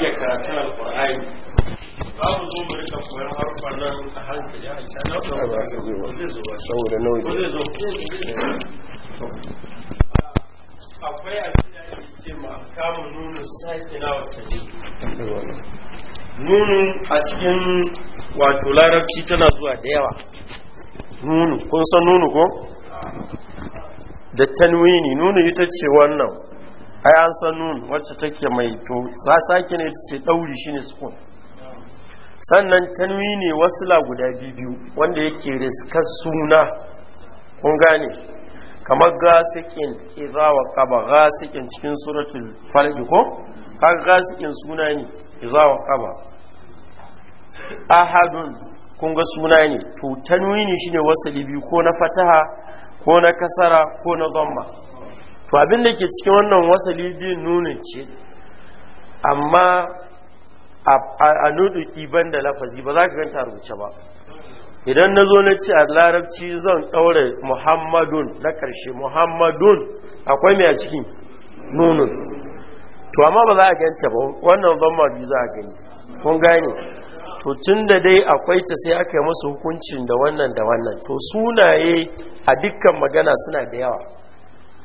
iya karatun alkur'ani babu zo mu rika koyar harfar nan a hankali a can na zo ba zai zo ba saboda nauyi ba zai zo akwai abin da ake ce ma kamun nunu sake na watanni nunu a cikin wato larabci tana zuwa da yawa nunu kun san nunu ko da tanwini nunu ita ce wannan ai an san nun wacce take mai to za sake ne ta ce ɗauri shine sukun sannan tanwi ne guda biyu wanda yake riskar suna kun gane kamar gasikin izawa kaba gasikin cikin suratul falki ko har gasikin suna ne wa qaba ahadun kun ga suna ne to tanwi shine wasali biyu ko na fataha ko na kasara ko na zamma to abin da ke cikin wannan wasali biyun nuna ce amma a nuduki ban da lafazi ba za ka ganta rubuce ba idan na zo na ce a larabci zan ɗaure muhammadun na ƙarshe muhammadun akwai mai a cikin nunin, to amma ba za a ganta ba wannan zan ma biyu za a gani kun gane to tun da dai akwai ta sai aka yi masu hukuncin da wannan da wannan to sunaye a dukkan magana suna da yawa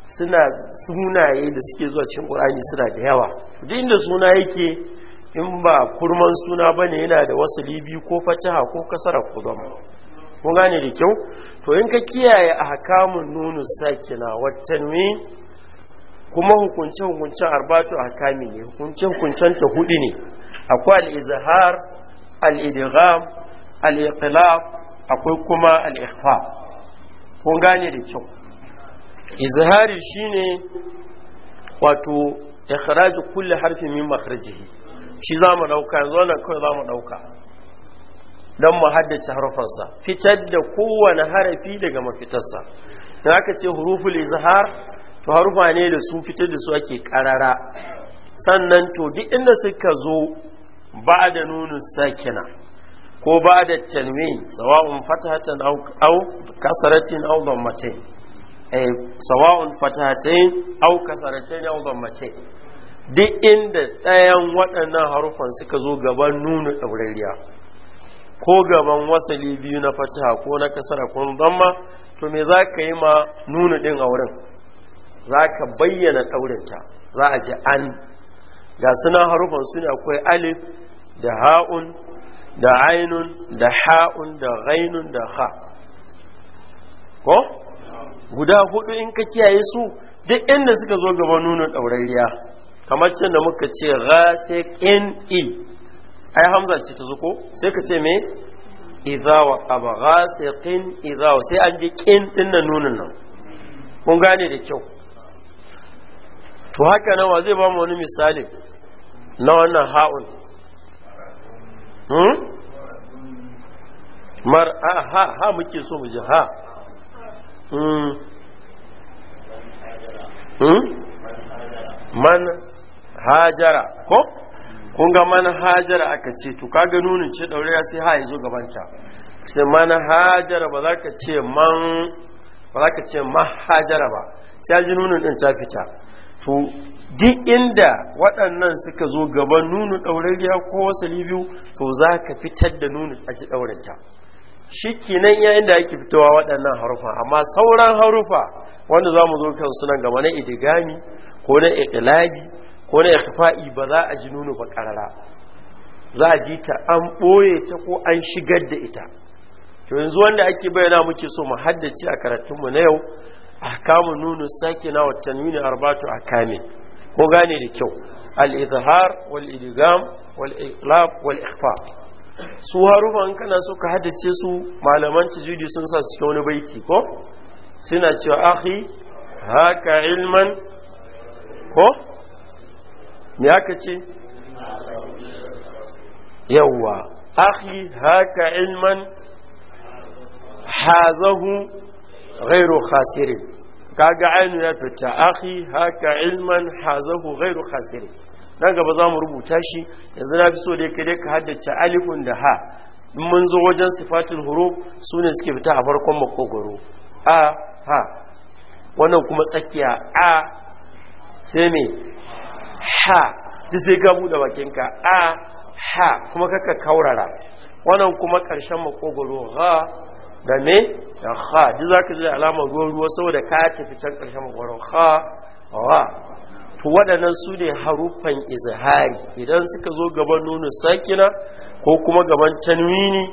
suna sunaye da suke zuwa cikin ƙur'ani suna da yawa duk inda suna yake in ba kurman suna bane yana da wasu libi ko fataha ko kasara ko gane da kyau to in ka kiyaye ahkamun nunu sakina watan ne kuma hukunce hukuncen arbatu ahkami ne hukunce hukuncen ta hudu ne akwai al-izhar al-idgham al-iqlab akwai kuma al-ikhfa kun gane da kyau izhari shine wato ikhraju kulli harfin min makhrajihi shi zamu dauka yanzu wannan kawai zamu dauka dan mu haddace harufansa fitar da kowane harafi daga mafitarsa dan aka ce huruful izhar to harufa ne da su fitar da su ake karara sannan to duk inda suka zo ba da nunin sakina ko ba da tanwin sawa'un fatahatan au kasaratin au dhammatain Eh, sawa'un fatahatain au kasaratain au zammace duk inda tsayan waɗannan harufan suka zo gaban nuna ɗaurariya ko gaban wasali biyu na fataha ko na kasara ko zamma to me za ka yi ma nuna ɗin a wurin za ka bayyana ɗaurinta za a ji an ga suna harufan su ne akwai alif da ha'un da ainun da ha'un da ghainun da ha ko guda hudu in ka kiyaye su duk inda suka zo gaba nunin ɗaurariya kamar can da muka ce ghasiqin il ai hamza ce ta zuko sai ka ce me idza wa qaba ghasiqin idza sai an ji kin din nan nunin nan kun gane da kyau to haka nan wa zai ba mu wani misali na wannan ha'un hmm? mar ha ha muke so mu ji ha Hmm. Hmm? man hajara ko kun ga man hajara aka ce to kaga nunin ce daure sai ha ya zo gabanta sai man hajara ba za ka ce man ba za ka ce hajara ba sai ji nunin din ta fita to duk inda waɗannan suka zo gaban nunin ɗaurariya ko wasu biyu to za ka fitar da nunin a ci ɗaurinta shi kinan yayin da yake fitowa waɗannan harufa amma sauran harufa wanda za mu zo kan sunan gaba na idigami ko na iqlabi ko na ikfa'i ba za a ji nunu ba karara za a ji ta an ɓoye ta ko an shigar da ita to yanzu wanda ake bayyana muke so mu haddace a karatunmu na yau ahkamu nunu sakina wa tanwini arbatu kame ko gane da kyau al-izhar wal idgham wal iqlab wal ikhfa' su harufa kana so ka haddace su malaman tajwidi sun sa cikin wani baiti ko suna cewa akhi haka ilman ko me aka ce yawwa akhi haka ilman hazahu ghairu khasiri kaga ainu ya fita akhi haka ilman hazahu ghairu khasiri nan gaba za mu rubuta shi yanzu na fi so dai kai dai ka haddace alifun da ha in mun zo wajen sifatin huruf su ne suke fita a farkon makogoro a ha wannan kuma tsakiya a sai me ha ji sai ka da bakinka a ha kuma kaka kaurara wannan kuma ƙarshen makogoro ha da me da ha ji za ka ji alamar ruwa saboda ka tafi can ƙarshen makogoro ha ha to waɗannan su ne haruffan izhari idan suka zo gaban nuna sakina ko kuma gaban tanwini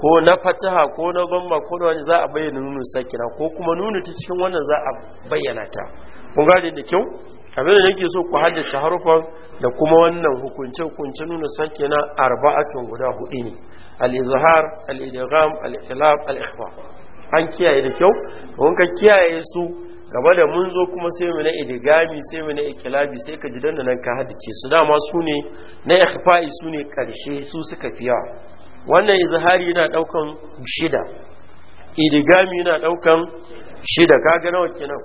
ko na fataha ko na bamma ko na wani za a bayyana nuna sakina ko kuma nuna ta cikin wannan za a bayyana ta kun gane da kyau abin da nake so ku haddace haruffan da kuma wannan hukunce hukunce nuna sakina arba'atun guda hudu ne al-izhar al-idgham al-ikhtilaf al-ikhfa an kiyaye da kyau kun ka kiyaye su gaba da mun zo kuma sai mu na idigami sai mu na ikilabi sai ka ji nan ka haddace su dama su ne na ikhfa'i su ne karshe su suka fiya. wannan izhari yana daukan shida idigami yana daukan shida kaga nawa kenan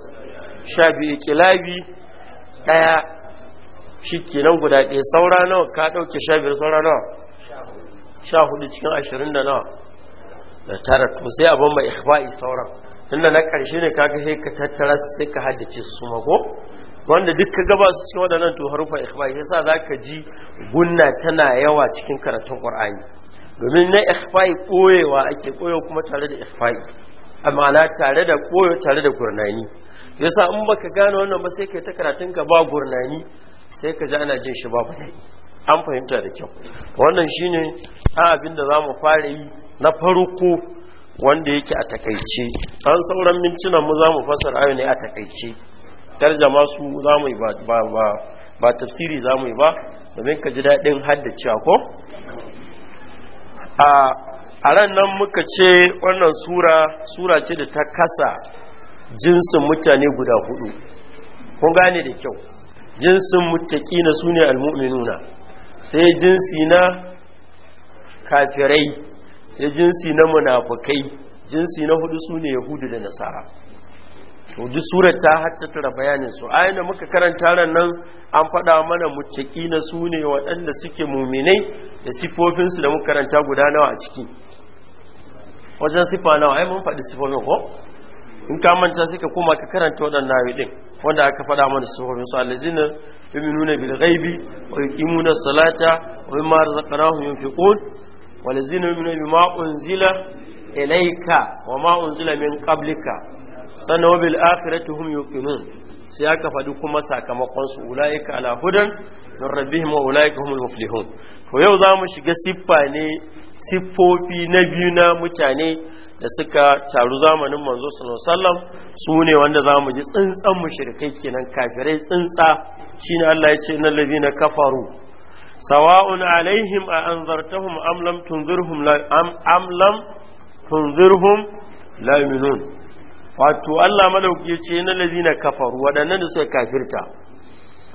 sha ikilabi daya shi kenan guda ɗaya saura nawa ka ɗauke sha biyar saura nawa sha hudu cikin ashirin da nawa da tara to sai a bamba ikhfa'i sauran tunda na ƙarshe ne kaga sai ka tattara sai ka haddace su mako ko wanda duk ka gaba su cikin waɗannan to harufa ikhfa yasa zaka ji gunna tana yawa cikin karatun qur'ani domin na ikhfa koyewa ake koyo kuma tare da ikhfa amma na tare da koyo tare da gurnani yasa in baka gane wannan ba sai kai ta karatun ka ba gurnani sai ka ji ana jin shi ba dai an fahimta da kyau wannan shine a abin da zamu fara yi na farko wanda yake a takaice an sauran mintunan mu za mu fasara ayoyi ne a takaice tarjama su za mu yi ba tafsiri za mu yi ba domin ka ji daɗin haddacewa ko a ran nan muka ce wannan sura sura ce da ta kasa jinsin mutane guda hudu ku gane da kyau jinsin mutaki na su ne almu'minuna sai jinsi na kafirai sai jinsi na munafukai jinsi na hudu su ne yahudu da nasara to duk surar ta hattattara bayanin su ayin da muka karanta ran nan an faɗa mana mutaki na su ne waɗanda suke muminai da sifofinsu da muka karanta guda nawa a ciki wajen sifa nawa ai mun faɗi sifofin ko in ka manta suka koma ka karanta waɗannan ayoyi din wanda aka faɗa mana sifofin su allazina yu'minuna bil ghaibi wa yuqimuna salata wa mimma razaqnahum yunfiqun walazina yu'minu bima unzila ilayka wa ma unzila min qablika sannan bil akhirati hum yuqinun sai aka faɗi kuma sakamakon su ulaika ala hudan min rabbihim wa ulaika humul muflihun to yau za mu shiga siffa ne siffofi na biyu na mutane da suka taru zamanin manzo sallallahu su ne wanda za mu ji tsintsan mushrikai kenan kafirai tsintsa shine Allah ya ce innal ladina kafaru sawa'un alaihim a anzartahum am lam tunzirhum la tunzirhum la wato Allah madauki yace na lazina kafaru waɗannan da suka kafirta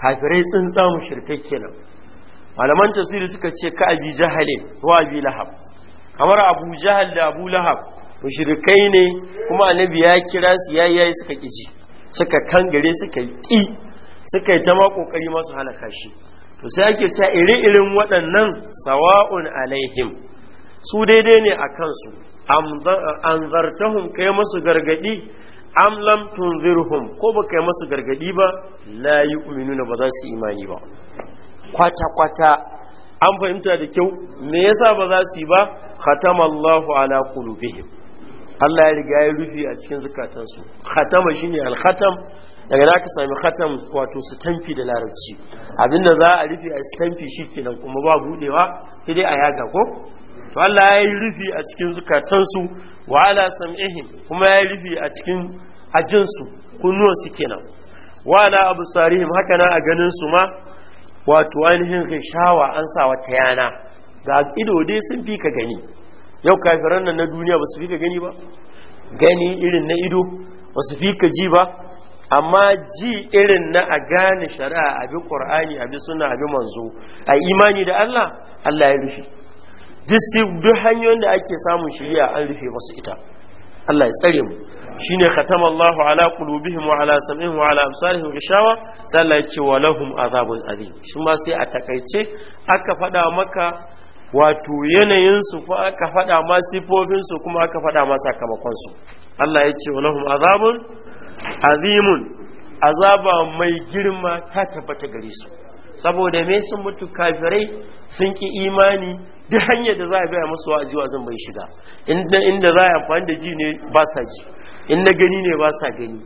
kafirai tsintsa mushrikai kenan malaman tafsiri suka ce ka abi jahalin ko abi lahab kamar abu jahal da abu lahab mushrikai ne kuma annabi ya kira su yayi yayi suka kiji suka kangare suka ki suka yi ta ma kokari masu halaka shi to sai ake cewa iri-irin waɗannan sawa'un alaihim su daidai ne a kansu an zartahum kai masu gargadi am lam tunzirhum ko ba kai masu gargadi ba la yu'minuna ba za su imani ba kwata-kwata an fahimta da kyau me yasa ba za su yi ba khatama Allahu ala qulubihim Allah ya riga ya rufe a cikin zukatansu khatama shine al-khatam daga na ka sami khatam wato stamfi da larabci abinda za a rufe a shi kenan kuma ba budewa sai dai a yaga ko to Allah ya yi rufi a cikin zukatansu wa ala sam'ihim kuma ya yi rufi a cikin ajinsu su kenan wa ala absarihim haka na a ganin su ma wato ainihin rishawa an sa wata yana ga ido dai sun fi ka gani yau kafiran nan na duniya ba su fi ka gani ba gani irin na ido ba su fi ka ji ba amma ji irin na a gane shari'a a bi qur'ani a bi suna a manzo a imani da Allah Allah ya rufe duk duk hanyoyin da ake samun shari'a an rufe masu ita Allah ya tsare mu shine khatamallahu ala qulubihim wa ala sam'ihim wa ala absarihim ghishawa sai Allah ya ce wa lahum azabun azim shi ma sai a takaice aka faɗa maka wato yanayinsu ko aka faɗa ma sifofinsu kuma aka faɗa ma sakamakonsu Allah ya ce wa lahum azabun azimun azaba mai girma ta tabbata gare su saboda me sun mutu kafirai sun ki imani duk hanyar da za a gaya musu wa'azi zan bai shiga inda za a amfani da ji ne ba sa ji in gani ne ba sa gani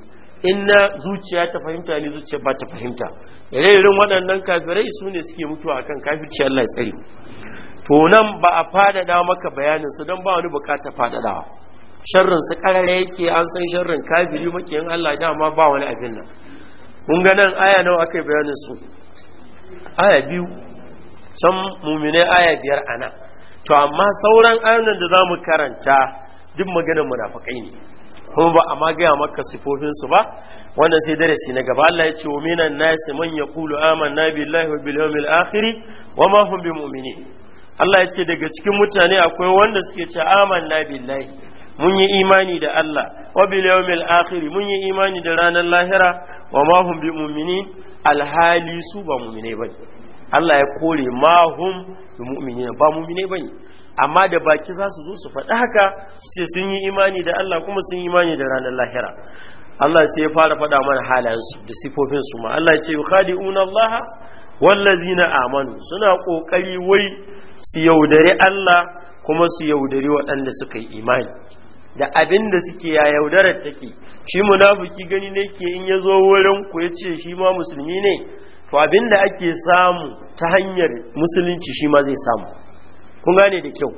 in zuciya ta fahimta ne zuciya ba ta fahimta irin waɗannan kafirai su ne suke mutuwa akan kafirci Allah ya tsare to nan ba a fadada maka bayaninsu don ba wani bukata fadadawa sharrin su karare yake an san sharrin kafiri makiyin Allah dama ba wani abin nan mun ga nan aya nawa aka yi bayanin su aya biyu can muminai aya biyar ana to amma sauran ayoyin da zamu karanta duk maganar munafikai ne kuma ba a magaya maka sifofin su ba wannan sai darasi na gaba Allah ya ce wa minan nasi man yaqulu amanna billahi wa bil yawmil akhir wa ma hum bimu'minin Allah ya ce daga cikin mutane akwai wanda suke ce amanna billahi mun yi imani da Allah wa bil yawmil akhir mun yi imani da ranar lahira wa ma hum bi mu'minin alhali su ba mu'mine bane Allah ya kore ma hum bi mu'minin ba muminai bane amma da baki za su zo su faɗi haka su ce sun yi imani da Allah kuma sun yi imani da ranar lahira Allah sai ya fara faɗa mana halayensu da sifofin su ma Allah ya ce yukhadi'una Allah wallazina amanu suna kokari wai su yaudari Allah kuma su yaudari waɗanda suka yi imani da abin da suke ya yaudarar take shi munafiki gani ne ke in ya zo wurin ku ya ce shi ma musulmi ne to abin da ake samu ta hanyar musulunci shi ma zai samu kun gane da kyau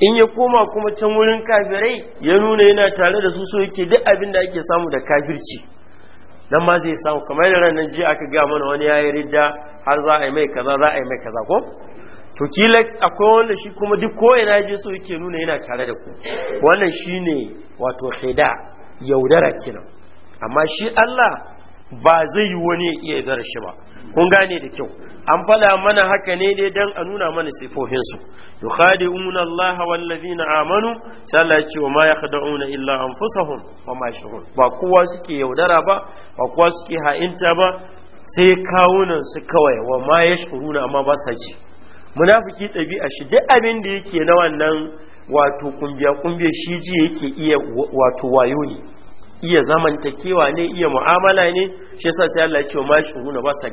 in ya koma kuma can wurin kafirai ya nuna yana tare da su so yake duk abin da ake samu da kafirci nan ma zai samu kamar da ranar jiya aka ga mana wani yayi ridda har za a yi mai kaza za a yi mai kaza ko to kila akwai wanda shi kuma duk ko ina je so yake nuna yana tare da ku wannan shine wato khida yaudara kenan amma shi Allah ba zai yi wani ya iya yaudara shi ba kun gane da kyau an fada mana haka ne dai dan a nuna mana sifofin su yukhadi'un Allah wal ladina amanu sai Allah wa ma yakhda'una illa anfusahum wa ma yashurun ba kowa suke yaudara ba ba kowa suke ha'inta ba sai kawunan su kawai wa ma yashuruna amma ba sa ji munafiki ɗabi'a shi duk abin da yake na wannan wato kumbiya kumbiya shi ji yake iya wato wayo ne iya zamantakewa ne iya mu'amala ne shi yasa sai Allah ya ce ma shi huna ba sa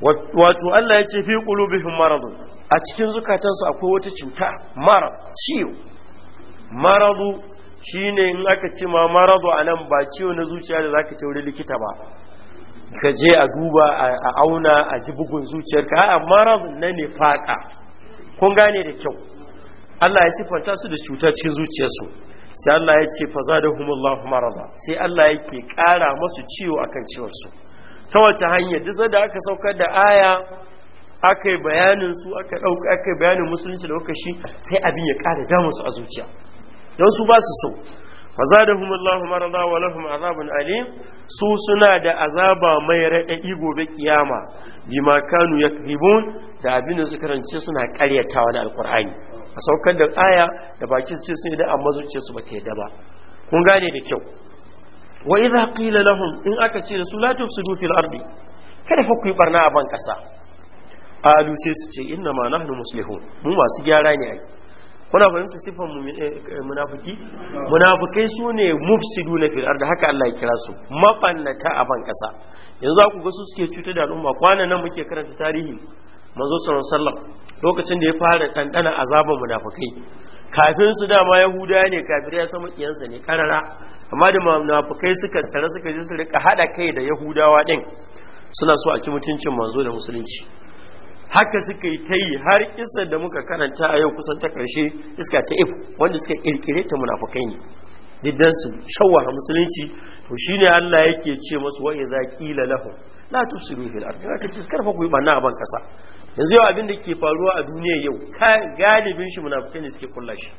wa. wato Allah ya ce fi qulubihim marad a cikin zukatansu akwai wata cuta marad ciwo maradu shine in aka ce ma maradu anan ba ciwo na zuciya da zaka tauri likita ba ka je a duba a auna a ji bugun zuciyarka a'a marar na ne faɗa. kun gane da kyau Allah ya siffanta su da cuta cikin zuciyarsu sai Allah ya ce fa zadahumullahu marada sai Allah yake ƙara masu ciwo a kan ciwarsu. ta wata hanyar duk da aka sauka da aya aka yi bayanin su aka ɗauka aka bayanin musulunci da wakashi, sai abin ya ƙara damu a zuciya don su ba su so fazadahum Allah marada wa lahum azabun alim su suna da azaba mai raɗaɗi gobe kiyama bima kanu yakzibun da abin da su karance suna karyatawa da alqur'ani a saukar da aya da baki su ce sun yi da amma zuciyar su bata yadda ba kun gane da kyau wa idza qila lahum in aka ce da su la tufsidu fil ardi kada fa ku yi barna a ban kasa qalu sai su ce inna ma nahnu muslihun mu masu gyara ne ai kuna fahimta sifan munafiki eh, eh, munafikai su ne mufsidu na filar. da haka Allah ya kira su mafanata a ban kasa yanzu aku ga su suke cutar da al'umma kwana nan muke karanta tarihi manzo sallallahu alaihi lokacin da ya fara dandana azaban munafikai kafin su dama yahuda ne kafirai ya sama ne karara amma da munafikai suka tsare suka je su rika hada kai da yahudawa din suna so a ci mutuncin manzo da musulunci haka suka yi ta yi har kisa da muka karanta a yau kusan ta karshe iska ta if wanda suka kirkire ta munafukai ne diddan su shawara musulunci to shine Allah yake ce masu wa idza qila lahum la su rufe ardi haka ce karfa ku yi banna a ban kasa yanzu yau abin da ke faruwa a duniya yau galibin shi munafukai ne suke kulla shi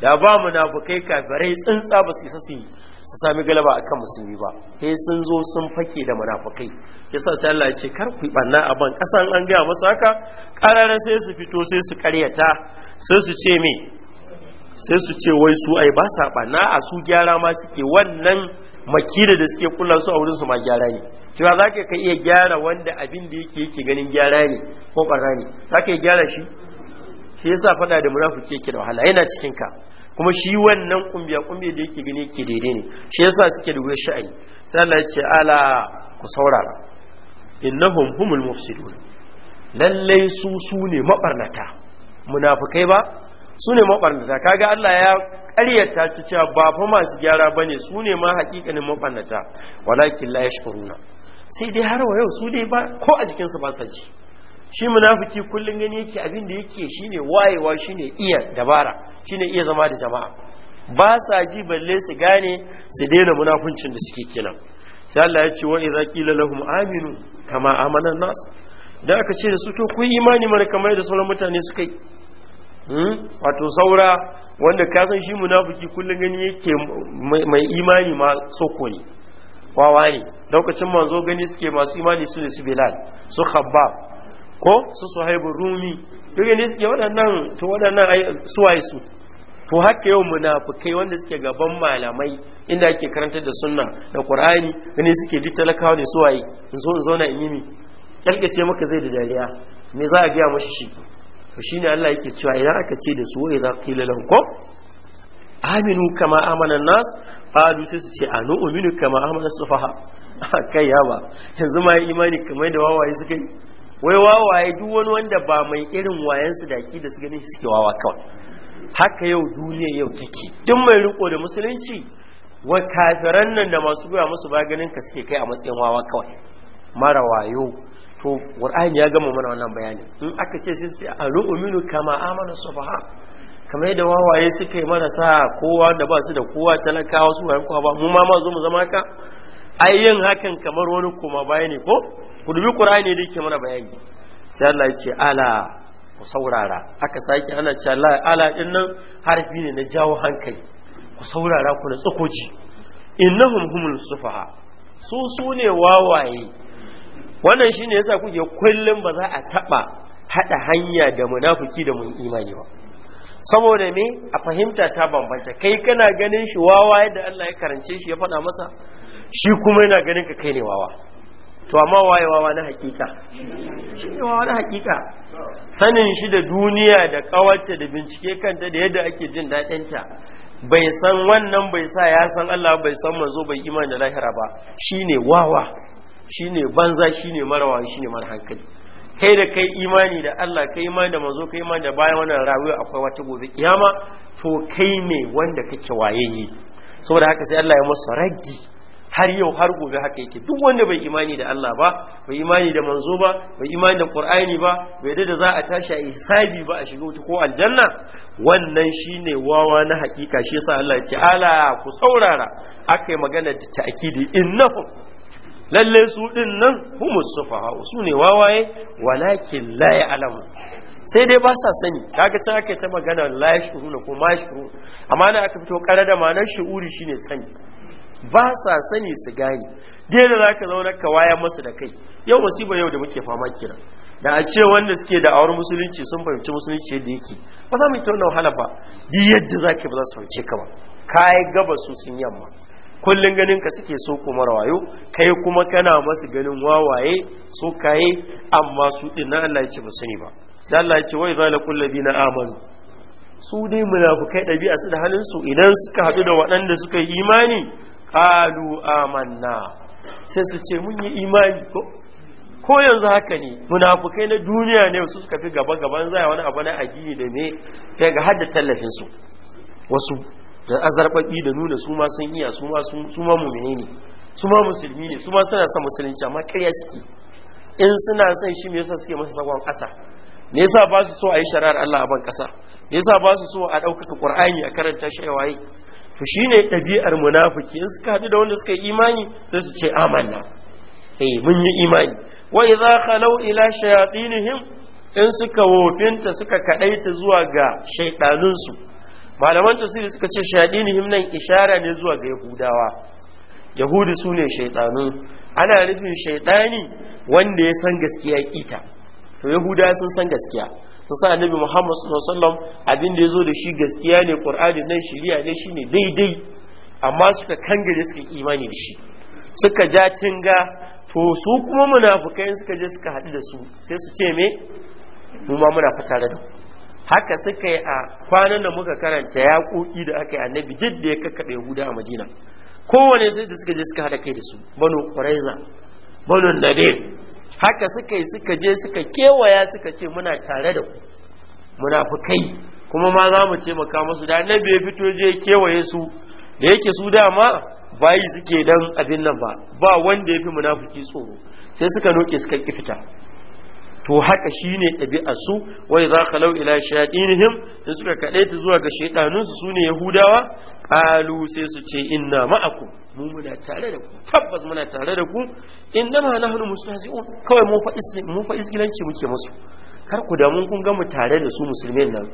da ba munafukai kafirai tsantsa ba su isa su yi su sami galaba akan musulmi ba sai sun zo sun fake da munafukai yasa sai Allah ya ce kar ku banna a ban kasan an ga masu haka sai su fito sai su karyata sai su ce me sai su ce wai su ai ba sa banna a su gyara ma suke wannan makira da suke kula su a wurin su ma gyara ne cewa za ka iya gyara wanda abin da yake yake ganin gyara ne ko barna ne za ka iya gyara shi shi yasa fada da munafiki yake da wahala yana cikin ka kuma shi wannan kumbiya kumbiya da yake gani ke daidai ne shi yasa suke da sha'ani sai Allah ya ce ala ku saurara innahum humul mufsidun lallai su su ne mabarnata munafikai ba su ne mabarnata kaga Allah ya ƙaryata ta cewa ba fa masu gyara bane su ne ma haƙiƙanin mabarnata walakin la yashkuruna sai dai har wa yau su dai ba ko a jikinsu ba sa ji shi munafiki kullum gani yake abin da yake shine wayewa shine iya dabara shine iya zama da jama'a ba sa ji balle su gane su daina munafuncin da suke kenan sai Allah ya ce wa idza qila lahum aminu kama amana nas da aka ce da su to ku imani mana kamar da sauran mutane suka yi hmm? wato saura wanda ka san shi munafiki kullum gani yake mai imani ma soko ne wawa ne lokacin manzo gani suke masu imani su ne su bilal su khabbab ko su suhaibun rumi duk ne suke waɗannan to waɗannan suwaye su to haka yau munafukai wanda suke gaban malamai inda ake karantar da sunna da qur'ani gani suke duk talakawa ne suwaye in zo in zo na maka zai da dariya me za a gaya mashi shi to shine Allah yake cewa idan aka ce da su wai za qila yi ko aminu kama amana nas qalu sai su ce anu uminu kama amana sufaha kai yawa yanzu ma imani kamar da wawaye suka yi wai wawaye duk wani wanda ba mai irin wayansu da da su gani suke wawa kawai haka yau duniya yau take duk mai riko da musulunci wa kafiran nan da masu goya musu ba ganin ka suke kai a matsayin wawa kawai mara wayo to qur'ani ya gama mana wannan bayani in aka ce sai sai a kama amana subha kamar yadda wawaye suka yi marasa kowa da ba su da kowa talakawa su ba mu ma ma zo mu zama ka ai yin hakan kamar wani kuma ne ko ku dubi qur'ani da yake mana bayani sai Allah ya ce ala ku saurara aka sake ana ce Allah ala din nan harfi ne na jawo hankali ku saurara ku na tsakoji. innahum humul sufaha su su ne wawaye wannan shine yasa kuke kullum ba za a taba hada hanya da munafuki da mun imani ba saboda me a fahimta ta bambanta kai kana ganin shi wawa yadda Allah ya karance shi ya faɗa masa shi kuma yana ganin ka kai ne wawa to amma waye wawa na hakika shi wawa na hakika sanin shi da duniya da kawarta da bincike kanta da yadda ake jin daɗin ta bai san wannan bai sa ya san Allah bai san manzo bai imani da lahira ba shine wawa shine banza shine marawa shine ne hankali kai da kai imani da Allah kai imani da manzo kai imani da bayan wannan rayuwa akwai wata gobe kiyama to kai ne wanda kake wayayye saboda haka sai Allah ya masa raddi har yau har gobe haka yake duk wanda bai imani da Allah ba bai imani da manzo ba bai imani da Qur'ani ba bai da za a tashi a hisabi ba a shiga wuta ko aljanna wannan shine wawa na hakika shi yasa Allah ya ce ala ku saurara akai magana da ta'kidi innahum lalle su din nan humus sufaha su ne wawaye walakin la ya'lamu sai dai ba sa sani kaga can aka ta magana la na ko ma shuru amma na aka fito kare da ma'anar shu'uri shine sani ba sa sani su gane dai da zaka zauna ka waya masa da kai yau musiba yau da muke fama kira da a ce wanda suke da awar musulunci sun fahimci musulunci yadda yake ba za mu yi tauna wahala ba duk yadda zaki ba za su fahimce ka ba kai gaba su sun yamma Kullum ganin ka suke so kuma rawayo kai kuma kana masu ganin wawaye so kaye amma su din Allah ya ce ba sani ba sai Allah ya ce wai zala kulladina amanu su dai munafukai ɗabi'a su da halin su idan suka haɗu da waɗanda suka yi imani qalu amanna sai su ce mun yi imani ko ko yanzu haka ne munafukai na duniya ne su suka fi gaba gaban zai wani abu na addini da me daga hadda tallafin su wasu da azarbabi da nuna su ma sun iya su ma su ma mu'mini ne su ma musulmi ne su ma suna son musulunci amma ƙarya suke in suna son shi me yasa suke masa sakon ƙasa me yasa ba su so a yi shari'ar Allah a ban ƙasa me yasa ba su so a ɗaukaka Qur'ani a karanta shi a waye to shine ɗabi'ar munafiki in suka haɗu da wanda suka yi imani sai su ce amanna eh mun yi imani wa idza khalau ila shayatinihim in suka wofinta suka kadaita zuwa ga shaydanunsu malaman tafsiri suka ce shaɗinihim himnan ishara ne zuwa ga yahudawa Yahudi su ne shaitanu ana nufin shaitani wanda ya san gaskiya ita to yahuda sun san gaskiya sun sa annabi muhammad sallallahu alaihi wasallam abin da ya zo da shi gaskiya ne qur'ani nan shari'a ne shine daidai amma suka kangare suka imani da shi suka ja tinga to su kuma munafukai suka je suka haɗu da su sai su ce me mu ma muna fata da haka suka yi a kwanan da muka karanta ya koki da aka yi annabi duk da ya kakkaɓe huda a madina kowane sai da suka je suka haɗa kai da su banu ƙuraiza banu nade haka suka yi suka je suka kewaya suka ce muna tare da ku muna fi kai kuma ma za mu ce maka musu da annabi ya fito je kewaye su da yake su dama bayi suke dan abin nan ba ba wanda ya fi munafuki tsoro sai suka noke suka ki fita to haka shine ɗabi'a su wai za ka lau ila shayatinihim sai suka kaɗai ta zuwa ga shaidanunsu su ne yahudawa ƙalu sai su ce inna ma'akum mu muna tare da ku tabbas muna tare da ku inna ma nahnu mustahzi'un kawai mu fa mu fa isgilanci muke musu kar ku damu kun ga mu tare da su musulmin nan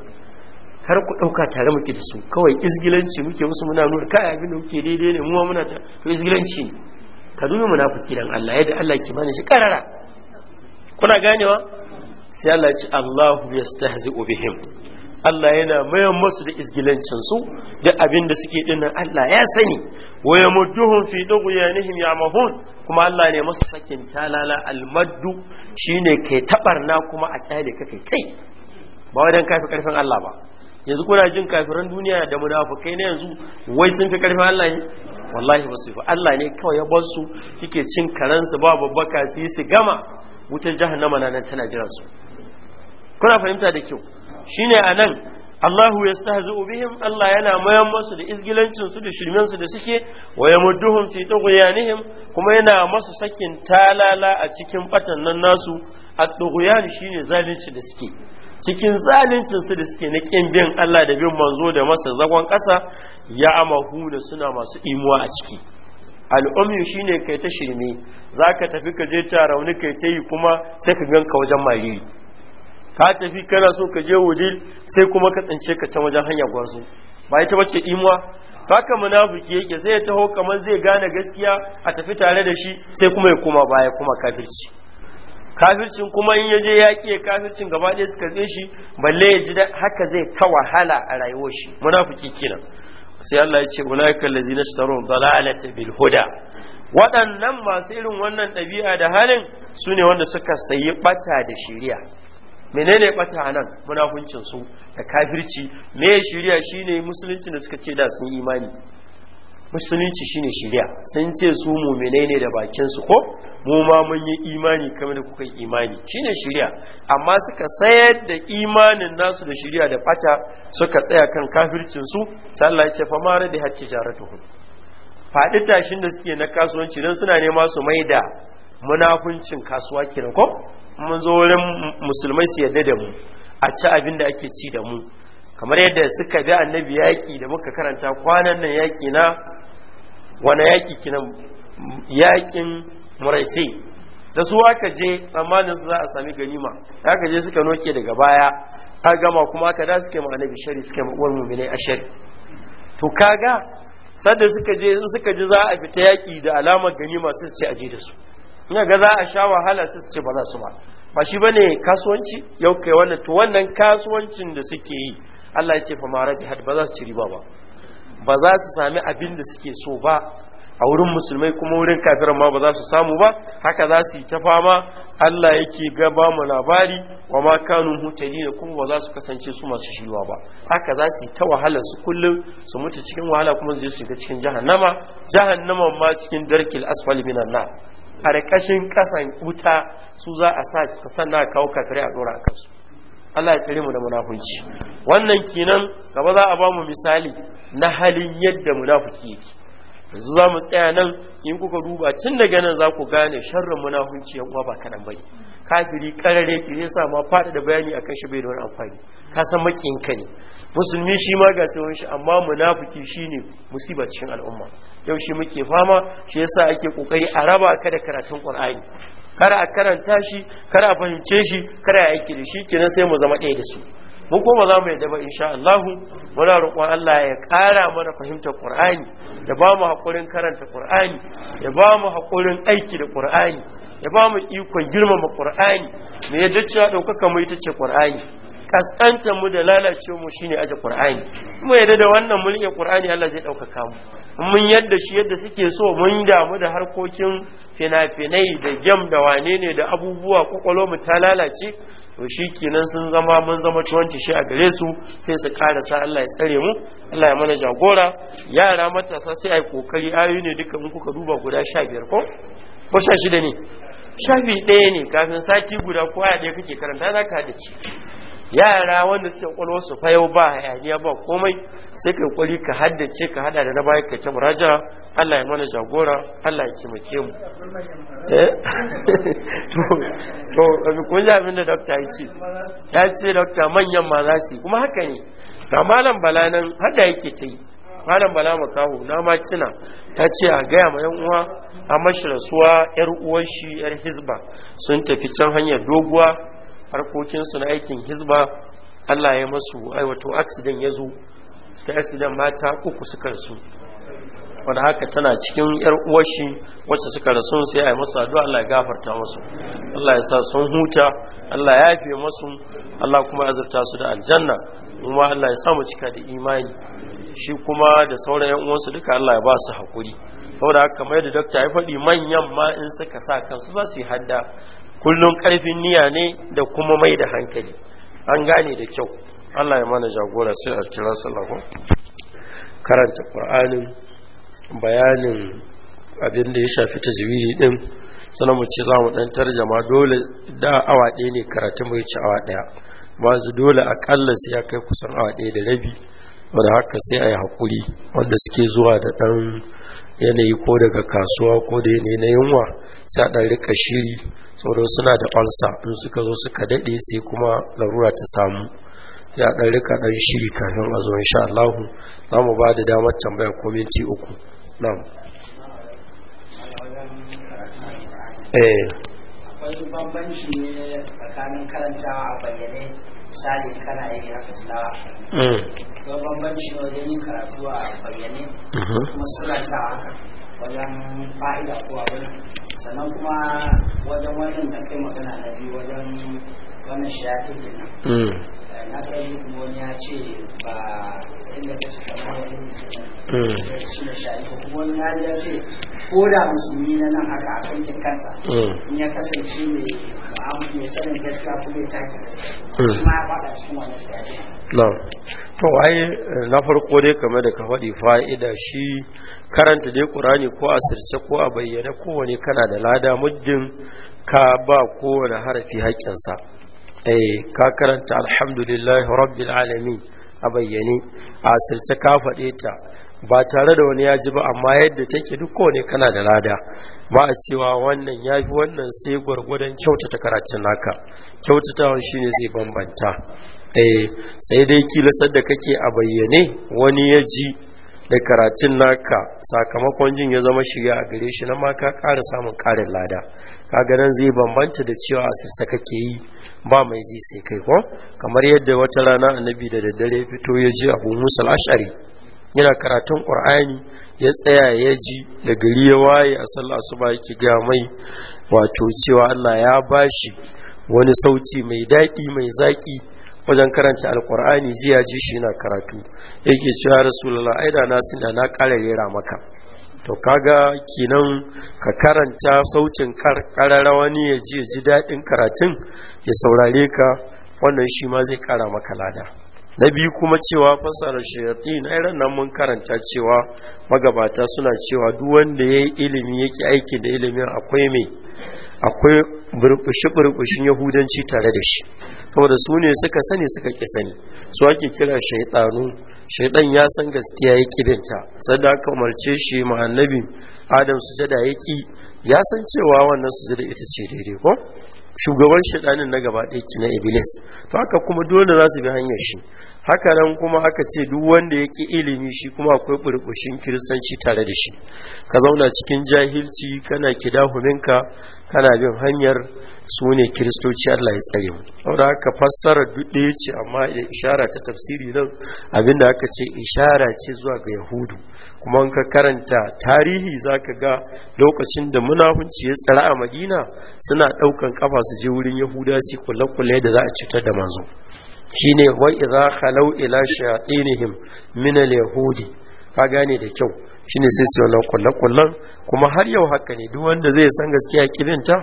kar ku ɗauka tare muke da su kawai isgilanci muke musu muna nuna kai abin da muke daidai ne mu ma muna to isgilanci ka dubi munafiki dan Allah yadda Allah ke bani shi karara kuna ganewa sai Allah ce Allahu yastahzi'u bihim Allah yana mayan musu da izgilancin su da abin da suke dinnan Allah ya sani wa yamudduhum fi dughyanihim ya'mahun kuma Allah ne masu sakin talala almaddu shine kai tabarna kuma a kyale ka kai kai ba wadan kafi karfin Allah ba yanzu kuna jin kafiran duniya da munafukai na yanzu wai sun fi karfin Allah ne wallahi ba su ba. Allah ne kawai ya bar su kike cin karansu ba babbaka su yi su gama wutar jahannama na nan tana jiran su kuna fahimta da kyau shine nan, Allahu ya yastahzi'u bihim Allah yana mayan masu da izgilancin su da shirmen su da suke wa mudduhum fi tughyanihim kuma yana masu sakin talala a cikin batan nan nasu a tughyan shine zalunci da suke cikin zaluncinsu su da suke na kin bin Allah da bin manzo da masa zagon kasa ya amahu da suna masu imuwa a ciki al'ummi shine kai ta shirme zaka tafi ka je ta rauni kai ta yi kuma sai ka ganka wajen mariri ka tafi kana so ka je wudil sai kuma ka tsince ka can wajen hanyar gwazo ba ita bace imuwa ka munafiki yake sai ya taho kamar zai gane gaskiya a tafi tare da shi sai kuma ya kuma baya kuma kafirci kafircin kuma in ya je yaƙi ya kafircin gaba ɗaya suka tsaye shi balle ya ji haka zai ta wahala a rayuwar shi munafiki kenan sai Allah ya ce ulaika allazina ishtaru dalalata bil huda waɗannan masu irin wannan ɗabi'a da halin su ne wanda suka sayi ɓata da shiriya menene ɓata nan munafuncin su da kafirci me shiriya shine musulunci da suka ce da sun imani musulunci shine shirya sun ce su muminai ne da bakinsu ko mu ma mun yi imani kamar da kuka yi imani shine shirya amma suka sayar da imanin nasu da shirya da fata suka tsaya kan kafircin su sai ya ce fa mara da hatti jaratuhum faɗi tashin da suke na kasuwanci don suna nema su mai da munafuncin kasuwa kiran ko mun zo wurin musulmai su yadda da mu a ci abin da ake ci da mu kamar yadda suka bi annabi yaƙi da muka karanta kwanan nan yaƙi na wani yaƙi kinan yaƙin muraisi da su aka je tsammanin su za a sami ganima da aka je suka noke daga baya a gama kuma aka da suke ma annabi shari suke ma'uwar uwar a ashari to kaga sadda suka je in suka ji za a fita yaƙi da alamar ganima sai su ce je da su ina ga za a sha wahala sai su ce ba za su ba ba shi bane kasuwanci yau kai wannan to wannan kasuwancin da suke yi Allah ya ce fa ma rabi had ba za su ci riba ba ba za su sami abin da suke so ba a wurin musulmai kuma wurin kafiran ma ba za su samu ba haka za su yi ta fama Allah yake gaba mu labari wa ma kanu hutali da kuma ba za su kasance su masu shiwa ba haka za su yi ta wahala su kullum su mutu cikin wahala kuma su je su shiga cikin jahannama jahannama ma cikin darkil asfali minan na a kasan wuta su za a sa sannan kawo kafirai a ɗora a kansu Allah ya tsare mu da munafunci wannan kenan gaba za a ba mu misali na halin yadda munafuki yake yanzu za mu tsaya nan in kuka duba tun daga nan za ku gane sharrin munafunci yan uwa ba kaɗan bai. kafiri karare ke zai sa ma faɗi da bayani akan shi bai da wani amfani ka san makiyin ka ne musulmi shi ma ga sai shi amma munafuki shine musiba cikin al'umma yau shi muke fama shi yasa ake kokari a raba ka da karatun Ƙur'ani. kar a karanta shi kar a fahimce shi kar a aiki da shi kenan sai mu zama ɗaya da su mu kuma za mu yadda ba insha Allah muna roƙon Allah ya ƙara mana fahimtar Qur'ani ya ba mu haƙurin karanta Qur'ani ya ba mu haƙurin aiki da Qur'ani ya ba mu ikon girmama Qur'ani me yadda cewa ɗaukaka mu ita ce Qur'ani kaskantar mu da lalace mu shine aje qur'ani mu yadda da wannan mulkin qur'ani Allah zai ɗaukaka mu mun yadda shi yadda suke so mun damu da harkokin fina-finai da gem da wane ne da abubuwa kwakwalo mu ta lalace to shi kenan sun zama mun zama tuwanci shi a gare su sai su sa Allah ya tsare mu Allah ya mana jagora yara matasa sai ai kokari ayoyi ne duka mun kuka duba guda sha biyar ko ko sha shida ne shafi ɗaya ne kafin sati guda ko ɗaya kake karanta za ka da ci yara wanda suke kwalwa su yau ba hayaniya ba komai sai ka kwari ka haddace ka hada da na baya ka ta muraja Allah ya mana jagora Allah ya taimake mu eh? to kun ji abin da dokta ya ce ya ce dokta manyan ma za su kuma haka ne ga malam bala nan haka yake ta yi malam bala makaho na ma cina ta ce a gaya ma yan uwa a mashi rasuwa yar uwar shi yar hizba sun tafi can hanyar doguwa harkokinsu na aikin hizba Allah ya masu aiwato accident ya zo suka accident mata uku suka rasu wadda haka tana cikin yar uwashi wacce suka rasu sai a yi masu addu'a Allah ya gafarta masu Allah ya sa sun huta Allah ya yafe masu Allah kuma ya zarta su da aljanna kuma Allah ya samu cika da imani shi kuma da sauran yan uwansu duka Allah ya ba su hakuri saboda haka kamar yadda dokta ya faɗi manyan ma in suka sa kansu za su yi hadda kullum karfin niyya ne da kuma mai da hankali an gane da kyau Allah ya mana jagora sai a kira sallahu karanta qur'anin bayanin abin da ya shafi tazwiri din sannan mu ce za mu dan tarjama dole da awa ɗaya ne karatu mai ci awa ɗaya ba su dole aƙalla sai ya kai kusan awa ɗaya da rabi wanda haka sai a yi haƙuri wanda suke zuwa da ɗan yanayi ko daga kasuwa ko da yanayi na yunwa sai a ɗan rika shiri saboda suna da ulcer in suka zo suka dade sai kuma larura ta samu ya ɗan rika ɗan shiri kafin a zo insha Allah za mu ba da damar tambayar community uku nan. eh akwai bambanci ne tsakanin karantawa a bayyane misali kana yi haka tilawa mm. akwai bambanci wajen yin karatu a bayyane mm-hmm. kuma surata haka wajen fa'ida kuwa abin sannan kuma wajen wannan da kai magana na biyu wajen wannan hmm. eh, na wani ya ce ba inda ta wani hmm. shi ne wani ya ce ko da musulmi na nan haka a kan kansa hmm. in ya kasance ne gaskiya ko ta ke. kuma cikin wannan to na farko dai kamar da ka faɗi fa'ida shi karanta dai ƙurani ko a sirce ko a bayyana kowane kana da lada muddin ka ba kowane harafi haƙƙinsa eh ka karanta alhamdulillahi rabbil alamin a bayyane a asirce ka faɗe ta ba tare da wani ya ji ba amma yadda take duk ne kana da lada ba a cewa wannan ya fi wannan sai gwargwadon kyautata karatun naka kyautatawan shine zai bambanta eh sai dai kilasar da kake a bayyane wani ya ji da karatun naka sakamakon jin ya zama shiga a gare shi na ma ka ƙara samun ƙarin lada ka nan zai bambanta da cewa a sirsa kake yi ba mai ji sai kai ko kamar yadda wata rana annabi da daddare fito ya ji abu musa ashari yana karatun qur'ani ya tsaya ya ji da gari ya waye a sallah asuba yake ga mai wato cewa Allah ya bashi wani sauti mai daɗi mai zaƙi wajen karanta alkur'ani jiya ji shi yana karatu yake cewa rasulullah aida na sun na ƙara rera maka to kaga kinan ka karanta sautin karara wani ya ji ji daɗin karatun ya saurare ka wannan shi ma zai kara maka lada na biyu kuma cewa fasara na irin nan mun karanta cewa magabata suna cewa duk wanda ya yi ilimi yake aiki da ilimin akwai mai akwai burkushe-burkushin yahudanci tare da shi saboda su ne suka sani suka ƙi sani su ake kira shaidanu shaidan ya san gaskiya ya kibinta da aka umarce shi ma annabi adam su jada ya ya san cewa wannan su jada ita ce daidai ko shugaban shaidanin na gaba ɗaya na iblis to haka kuma dole za su bi hanyar shi haka nan kuma aka ce duk wanda yake ilimi shi kuma akwai burbushin kiristanci tare da shi ka zauna cikin jahilci kana kida ka kana bin hanyar su ne kiristoci Allah ya tsare mu saboda haka fassara duk ɗaya ce amma ishara ta tafsiri nan abinda aka ce ishara ce zuwa ga yahudu kuma ka karanta tarihi zaka ga lokacin da munafunci ya tsara a madina suna ɗaukan kafa su je wurin yahuda su kule da za a cutar da manzo shine wa idza khalau ila shayatinihim min al-yahudi ka gane da kyau shine sai su wannan kullan kullan kuma har yau haka ne duk wanda zai san gaskiya kibinta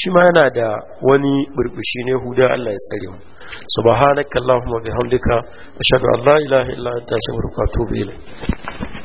shi ma yana da wani burbushi ne huda Allah ya tsare mu subhanakallahumma bihamdika ashhadu an la ilaha illa anta astaghfiruka wa atubu ilayk